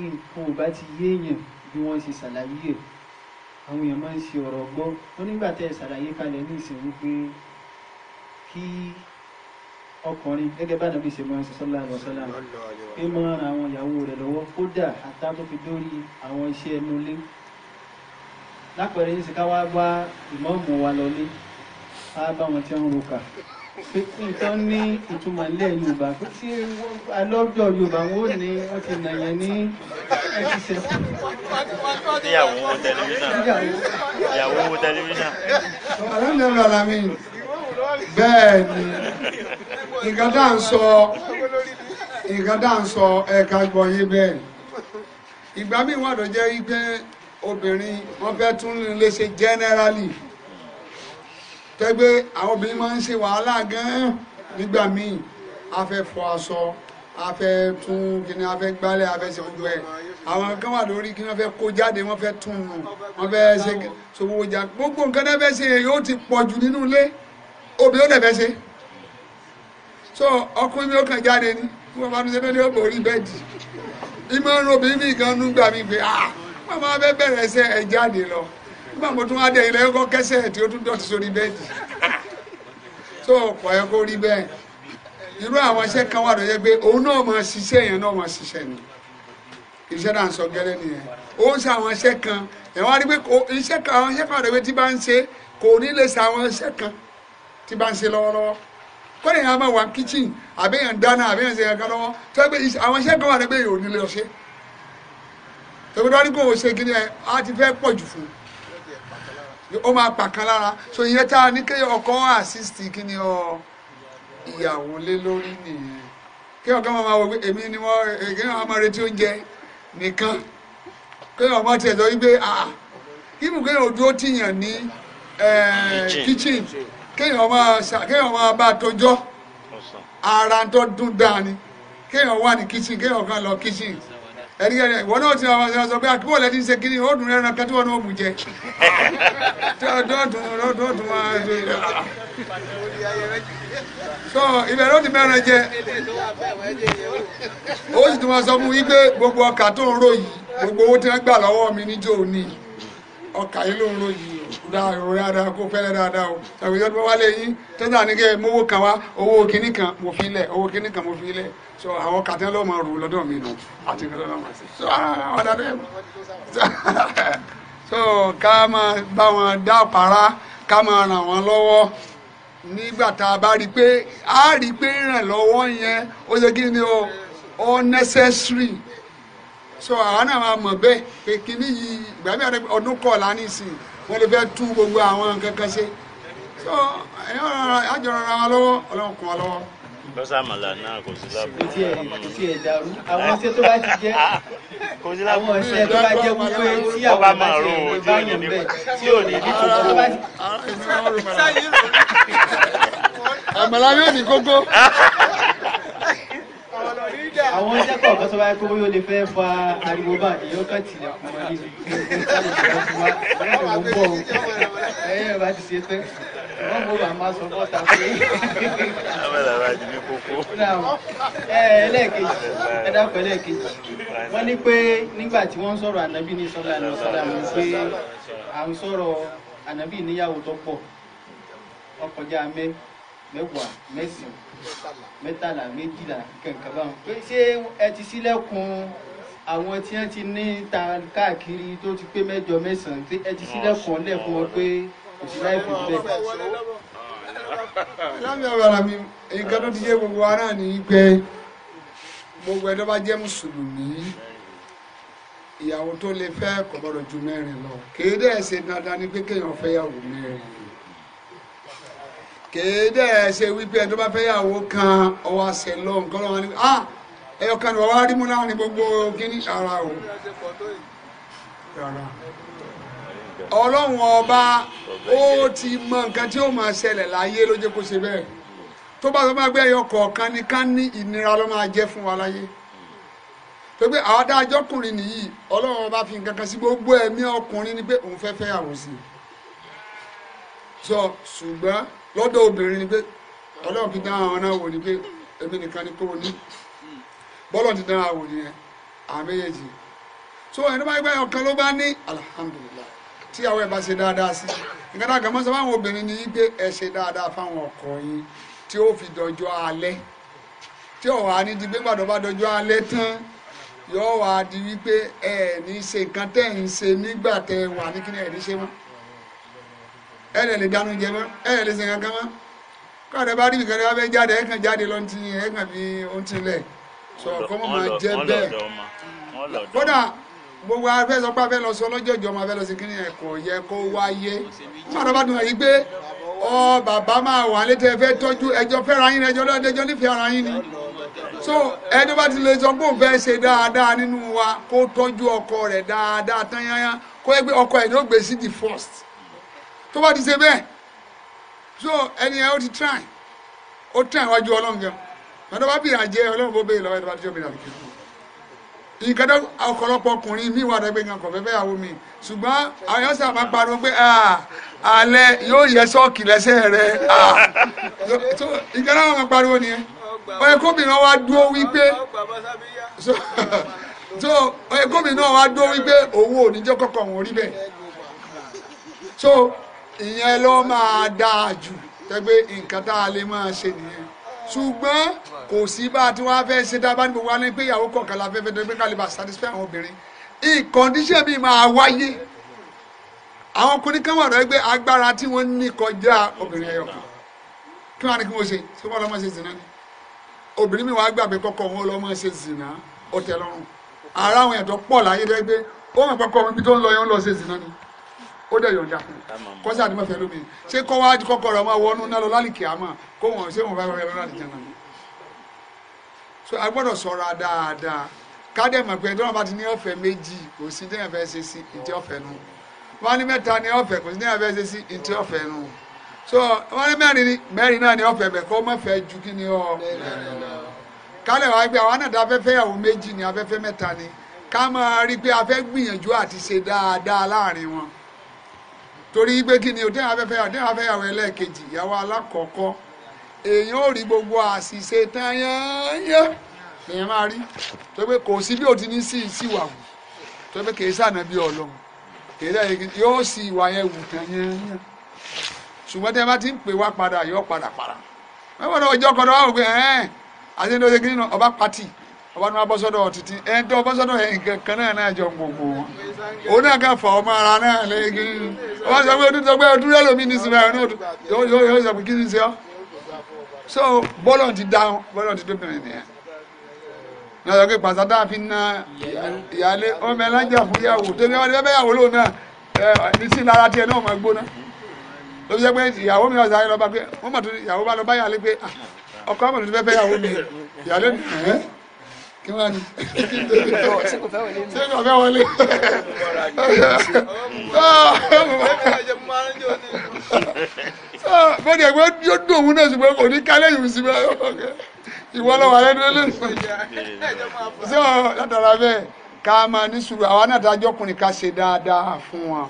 nǹkan ò bá ti yéèyàn bí wọ́n ṣe ṣàlàyé ẹ̀ àwọn èèyàn máa ń ṣe ọ̀rọ̀ gbọ́ wọn nígbà tẹ́ ẹ ṣàlàyé kalẹ̀ ní ìsìn wípé kí ọkùnrin gẹ́gẹ́ bá nàbí ìṣègùn ẹ̀sìn sọ́lá àlọ́ sọ́lá pé máa ran àwọn ìyàwó rẹ̀ lọ́wọ́ kódà àtà tó fi dórí àwọn iṣẹ́ ẹnu lé lápẹẹrẹ ní sìká wá bá ìmọ̀ọ́mù wa lọlé á bá wọn tí wọ́n ń roka nǹkan ní ìtumọ̀ ilẹ̀ yorùbá kó tí alọ́jọ́ yorùbá wọn ò ní wọ́n ti nà yẹn ní ẹ̀sísẹ́. ìyàwó wo tẹlifíṣàn ìyàwó wo tẹlifíṣàn. ọ̀rẹ́ mi rà lámì bẹ́ẹ̀ ni nǹkan tá à ń sọ nǹkan tá à ń sọ ẹ̀ka gbọ̀ yín bẹ́ẹ̀ ìgbà míì wà ló jẹ́ wípé obìnrin wọ́n fẹ́ tún lè ṣe generally tẹ́gbẹ́ àwọn obìnrin máa ń ṣe wàhálà gan-an nígbà míì a fẹ́ fọ aṣọ a fẹ́ tún kíni a fẹ́ gbálẹ̀ a fẹ́ ṣe ojú ẹ̀ àwọn kan wà lórí kí wọ́n fẹ́ kó jáde wọ́n fẹ́ tún nù wọ́n fẹ́ ṣe ṣòwò ìjà gbogbo nǹkan tẹ́ fẹ́ ṣe yóò ti pọ̀ jù nínú ilé obìnrin ó dẹ̀ fẹ́ ṣe so ọkùnrin mi ó kàn jáde ni wọ́n máa ń ṣe lórí ọ̀pọ̀ orí bẹ́ẹ̀dì ìmọ̀ ọ̀rọ̀ obìnrin mi gan-an nígbà mi pé ah wọ́n máa fẹ́ bẹ̀rẹ̀ ṣe ẹ̀ jáde lọ nígbà mo tún wá dé ilé ẹ̀kọ́ kẹsẹ̀ tí ó tún dọ̀tí sórí bẹ́ẹ̀dì tó kọ̀ ẹ́ kó rí bẹ́ẹ̀ irú àwọn iṣẹ́ kan wà tó yẹ pé òun náà máa ṣiṣẹ́ yẹn náà máa ṣiṣẹ́ ni iṣẹ́ náà ń sọ gẹ́lẹ́ nìyẹn ó ń ṣe àwọn iṣẹ́ kan ẹ̀ wá rí pé iṣẹ́ kan àwọn iṣẹ́ kan rẹ̀ pé tí bá ń ṣe kò ní lè ṣe àwọn iṣẹ́ kan tí bá ń ṣe lọ́wọ́lọ́wọ́ kọ́ni yẹn a máa wà kíchìn àbẹ́yẹn dáná àbẹ́yẹn ṣe kankan lọ́wọ́ tó yẹ pé àwọn iṣẹ́ kan wà rẹ̀ pé yóò ní lè ṣe tòmídọ́rí kò ṣe kí ni ẹ á ti fẹ́ pọ̀ jù fún un ó máa pa kan lára so ìyẹn tá a ní kéèyàn ọkọ assist kí ni ọ ìyàwó lé lórí nìyẹn kéèyàn kan máa wọ pé èmi ni wọ́n kéèyàn máa retí oúnjẹ nìkan kéèyàn máa tiẹ̀ sọ wípé ah kíkù kéèyàn dúró tìyàn ní kitchen kéèyàn máa kéèyàn máa bá a tọjọ́ ara tó dún dáa ni kéèyàn wà ní kitchen kéèyàn kan lọ kitchen ẹni kẹrin ìwọ náà ti ọmọ sọ pé àdúgbò lẹ́ni ṣe kiri ó dùn ẹran kẹtí wọn ó mú jẹ dọ́ọ̀dùn máa so ibẹ̀ ló ti mẹ́ran jẹ ó sì tún máa sọ fún yín pé gbogbo ọkà tó ń ròyìn gbogbo owó tí wọ́n gbà lọ́wọ́ mi níjọ́ òní ọkà yìí ló ń ròyìn dáadáa kó fẹ́lẹ́ dáadáa o tàbí ìjọba wálé yín tẹ́tà ní kẹ́ mówó kan wá owó kinní kan mo fi lẹ̀ owó kinní kan mo so àwọn kàtẹ́ ló máa rù lọ́dọ̀ mi nù àti nǹkan lọ́dọ̀ máa ṣe so ara wọn dábẹ́ ká máa bá wọn dá para ká máa ràn wọ́n lọ́wọ́ nígbà tá a bá rí i pé a rí i pé ìrànlọ́wọ́ yẹn ó ṣe kí ni o unnecessary so àwọn náà máa mọ̀ bẹ́ẹ̀ pé kíní yìí ìgbà mi àti ọdún kọ̀ọ̀lá nísìnyí wọ́n lè fẹ́ tú gbogbo àwọn nǹkan kan ṣe so àjọ ràn wọ́n lọ́wọ́ ọlọ́run kún wọn lọ́wọ́ lọ́sà àmàlà náà kò sí lábúrú. kò tiẹ̀ kò tiẹ̀ dàrú àwọn ọṣẹ tó bá ti jẹ́ àwọn ọṣẹ tó bá jẹ́ wípé tí àwọn ọba ti rìn bá yàn bẹ́ẹ̀ tí ò ní ní kókó. àmàlà yóò ní kókó àwọn iṣẹ́ kọ̀ọ̀kan tó bá yẹ kó bóyá o lè fẹ́ fa ariwo bá èèyàn kan tilẹ̀ fún wọn níbi ìgbésẹ̀ ìgbésẹ̀ ìgbésẹ̀ wa ọ̀rẹ́ mi ò ń bọ̀ o ẹ̀yẹ́ bá ti ṣe tán não vou wọ́n mú màmá sọ bọ́ta pé. abẹ́lẹ́wà di ní kókó. ẹlẹ́ẹ̀kejì ẹ̀dàpọ̀ ẹlẹ́ẹ̀kejì wọ́n ní pé nígbà tí wọ́n ń sọ̀rọ̀ ànábì ní sọ́lá àná sọ́lá mi pé à ń sọ̀rọ̀ ànábì níyàwó tó pọ̀ ọkọjá mẹ́ mẹ́wàá mẹ́sàn-án mẹ́tàlá méjìlá kẹ̀kẹ́ báwọn pé ṣé ẹ ti sílẹ̀kùn àwọn tí wọ́n ti ní ta káàkiri tó ti pé mẹ́jọ mẹ́sàn-án ẹ ti sílẹ̀kùn ọ̀lẹ́ fún wọn pé láì fi bẹ́ẹ̀. lámì ọ̀rọ̀ ara mi nǹkan tó ti yé gbogbo ara ní pé gbogbo ẹ̀dọ́ bá jẹ́ mùsùlùmí ìyàwó tó lè fẹ́ kò gbọ́dọ̀ ju mẹ́rin lọ kéde ẹ̀ dandan ni pé kéèyàn fẹ́ yàwó mẹ́rin kéde ẹ̀ wípé ẹ̀ bá fẹ́ yàwó kan ọwọ́ àṣẹ lọ́hùn kọ́ lọ́wọ́ ni ah ẹ̀yọ̀ kan ni wàá rí mú láàrin gbogbo kíní ara o ọlọ́run ọba ó ti mọ nǹkan tí ó máa ṣẹlẹ̀ láyé ló jẹ́ kó ṣe bẹ́ẹ̀ tó bá sọ máa gbé ẹyọ kọ̀ọ̀kan ni ká ní ìnira ló máa jẹ́ fún wa láyé tó pé àwọn adájọ́ ọkùnrin nìyí ọlọ́run ọba fi nǹkan kan sí gbogbo ẹ̀mí ọkùnrin ni pé òun fẹ́ fẹ́ yàwó sí i sọ ṣùgbọ́n lọ́dọ̀ obìnrin ni pé ọlọ́run fi dán àwọn náà wò ni pé èmi nìkan ni kò ní bọ́lọ̀ ti dán àwọn wò nìyẹn àwọn méjèèjì so ẹni bá gbé ẹyọ ló bá ní alihamudulilayi tí àwọn ẹ̀ bá ṣe dáadáa sí nǹkan náà gàmọ́ sọ fáwọn obìnrin ni pé ẹ ṣe dáadáa fáwọn ọkọ yín tí ó fi dọjọ́ alẹ́ tí ó wà ní di pé gbàdọ̀ bá dọjọ́ alẹ́ tán yóò wà di wípé ẹ ní ṣe nǹkan tẹ́ ń ṣe nígbà tẹ́ wà ní kíni ẹ̀ ní ṣe mọ́ ẹ lè lè dánú jẹ mọ́ ẹ lè ṣe kankan mọ́ káàdé bá rí nǹkan tí wọ́n fẹ́ jáde ẹ kàn jáde lọ́n ti ẹ kàn fi ohun ti lẹ̀ sọ̀rọ̀ kọ́mọ́ máa jẹ bẹ́ẹ̀ kódà gbogbo abẹ́ sọ pé abẹ́ lọ sọ lọ́jọ́ ìjọba abẹ́ lọ sí kí ni ẹ̀kọ́ yẹ kó wáyé fún àdọ́bà dùn yìí pé ọ bàbá máa wà létí ẹ fẹ́ tọ́jú ẹjọ́ yín ẹjọ́ lọ́dẹ ẹjọ́ nífẹ̀ẹ́ ara yín ni so ẹni bá ti lè sọ pé òun fẹ́ ṣe dáadáa nínú wa kó tọ́jú ọkọ rẹ̀ dáadáa tán yányá kó yẹ pé ọkọ ẹ̀ ló gbé sí the first tó bá ti ṣe bẹ́ẹ̀ so ẹni ẹ ó ti try ó try wájú ọlọ́run gan àdọ́bà bìyànjẹ ọlọ́run bó bẹ́ẹ̀ lọ́wọ́ ẹni bá ti jọ́ bìyànjẹ nǹkan tó ọ̀pọ̀lọpọ̀ ọkùnrin mi wà dẹ́gbẹ́ nǹkan kọ̀ọ̀fẹ́ fẹ́yàwó mi ṣùgbọ́n àwọn yóò sábà pariwo pé alẹ́ yóò yẹ sọ́ọ̀kì lẹ́sẹ̀ rẹ̀ nǹkan náà wọ́n pariwo nìyẹn ó yẹ kóbìnrin wa dúró wípé so ó yẹ kóbìnrin wa dúró wípé owó ò ní jẹ́ kọ́kọ́ òun rí bẹ́ẹ̀ ìyẹn ló máa dáa jù tẹ́gbẹ́ nǹkan tá a lè máa ṣe nìyẹn ṣùgbọ́n kò sí bá a ti wá fẹ́ ṣe dábàá ní gbogbo alẹ́ pé ìyàwó kọ̀ọ̀kan la fẹ́ fẹ́ dẹ́gbẹ́ ká lè bá satisfy àwọn obìnrin ìkọ̀ndíṣẹ́ mi máa wáyé àwọn ọkùnrin kan wà lọ́wọ́ pé agbára tí wọ́n ní kọjá obìnrin ẹ̀yọ̀ kan kí wọ́n á ní kí wọ́n ṣe ṣé wọ́n lọ́ ṣe zìnà ni obìnrin mi wàá gbà pé kọ́kọ́ wọn lọ́ ṣe zìnà ó tẹ́ lọ́rùn ara àwọn ẹ̀dọ́ pọ̀ láyé lẹ́gbẹ́ ó mọ̀ pé kọ́ kó dẹ̀ yọ̀ǹda fún un kó sì àdìmọ̀ fẹ́ lómi ṣé kọ́ wá kọ́kọ́ rẹ̀ máa wọnú náà lọ lálìkì àmọ́ kó wọn ṣé wọn bá fẹ́ lọ́nà àdìjẹ́ náà. so a gbọ́dọ̀ sọ̀rọ̀ dáadáa ká dẹ̀ mọ̀ pé ẹni tó wọn bá ti ní ọ̀fẹ́ méjì kò sí dẹ́yìn fẹ́ ṣe sí ìtì ọ̀fẹ́ nu wọn ní mẹ́ta ní ọ̀fẹ́ kò sí dẹ́yìn fẹ́ ṣe sí ìtì ọ̀fẹ́ nu so wọn ní mẹ́rin mẹ́rin náà ní ọ̀fẹ́ bẹ̀ kó má fẹ́ ju kí ni ọ kálẹ̀ wá gbé àwọn àdá afẹ́fẹ́ ìyàwó méjì ní afẹ́fẹ́ mẹ́ta ni ká máa rí pé a fẹ́ gbìyànjú àti ṣe dáadáa láàrin wọn torí pé kí ni o déyàwó afẹ́fẹ́ yàwó déyàwó afẹ́yàwó ẹlẹ́ẹ̀kejì ìyàwó alákọ̀ọ́kọ́ èèyàn ò rí gbogbo àṣìṣe tán yányán lèèyàn máa rí torí pé kò sí bí o ti ní sí ìsìwà wù torí pé kì í sànà bí ọlọ́run kì í sànà yóò sì ìwà yẹn wù tán ṣùgbọ́n tí a bá ti ń pè wá padà yóò padà para wọ́n gbọ́dọ̀ ọjọ́ kan náà wà wò pé ẹ̀ẹ́n àti ẹni tó ṣe kí nínú ọba pati ọba ní wọn bọ́ sọ́dọ̀ títí ẹ̀ ń tọ́ bọ́ sọ́dọ̀ ẹ̀ náà náà jọ gbogbo wọn òun náà kà fà ọmọ ara náà lẹ́yìn ọba sọ pé odúdó pé odúdó lómi ní sinmi àwọn yóò yóò sọ pé kí ni ṣe ọ́ so bọ́lọ̀ ti dá bọ́lọ̀ ti dóbìnrin nìyẹn náà sọ pé pàṣátá fi na ìyáálé ọmọ ẹ̀ lájà fún yàwó tó ní wọn ní bẹ́ẹ̀ yàwó lóun náà ní sí lára tiẹ̀ náà kí wọ́n ní. ṣé kò fẹ́ wọlé ni. ṣé kò fẹ́ wọlé. bọ́dì ẹ̀gbọ́n yóò dùn òun náà ṣùgbọ́n kò ní kálẹ̀ yìí sí bẹ́ẹ̀ ìwọ lọ́wọ́ alẹ́ dúró lẹ́sìn. ṣé ọ látara bẹ́ẹ̀ ká máa ní sùúrù àwa náà dájọ́ ọkùnrin ká ṣe dáadáa fún wa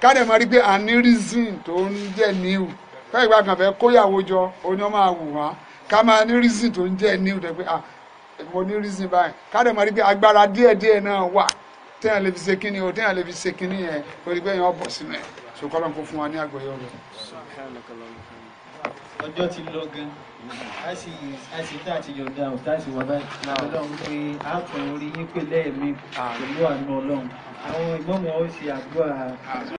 ká dẹ̀ máa rí pé àní reason tó ń jẹ́ níwù fẹ́ ìgbà kan fẹ́ kóyàwó jọ oní ọmọ àwùwá ká máa ní reason tó ń jẹ́ níwù tó pé ah mo ní reason báyìí káàdì mọ̀ rí pé agbára díẹ̀díẹ̀ náà wà téèyàn lè fi ṣe kíni o téèyàn lè fi ṣe kíni yẹn o rí pé èèyàn bọ̀ sínú ẹ̀ ṣùkọ́ lọ́n kó fún wa ní àgbọ̀yọ̀ rẹ̀. ọjọ́ ti lọ gan a sì a sì tá a ti yọ̀ǹda àwọn tá a sì wà báyìí ọlọ́run pé a kàn orí yín pé lẹ́ẹ̀mí pẹ̀lú àánú ọlọ́run àwọn ìgbọ́n mi ṣe àdúrà.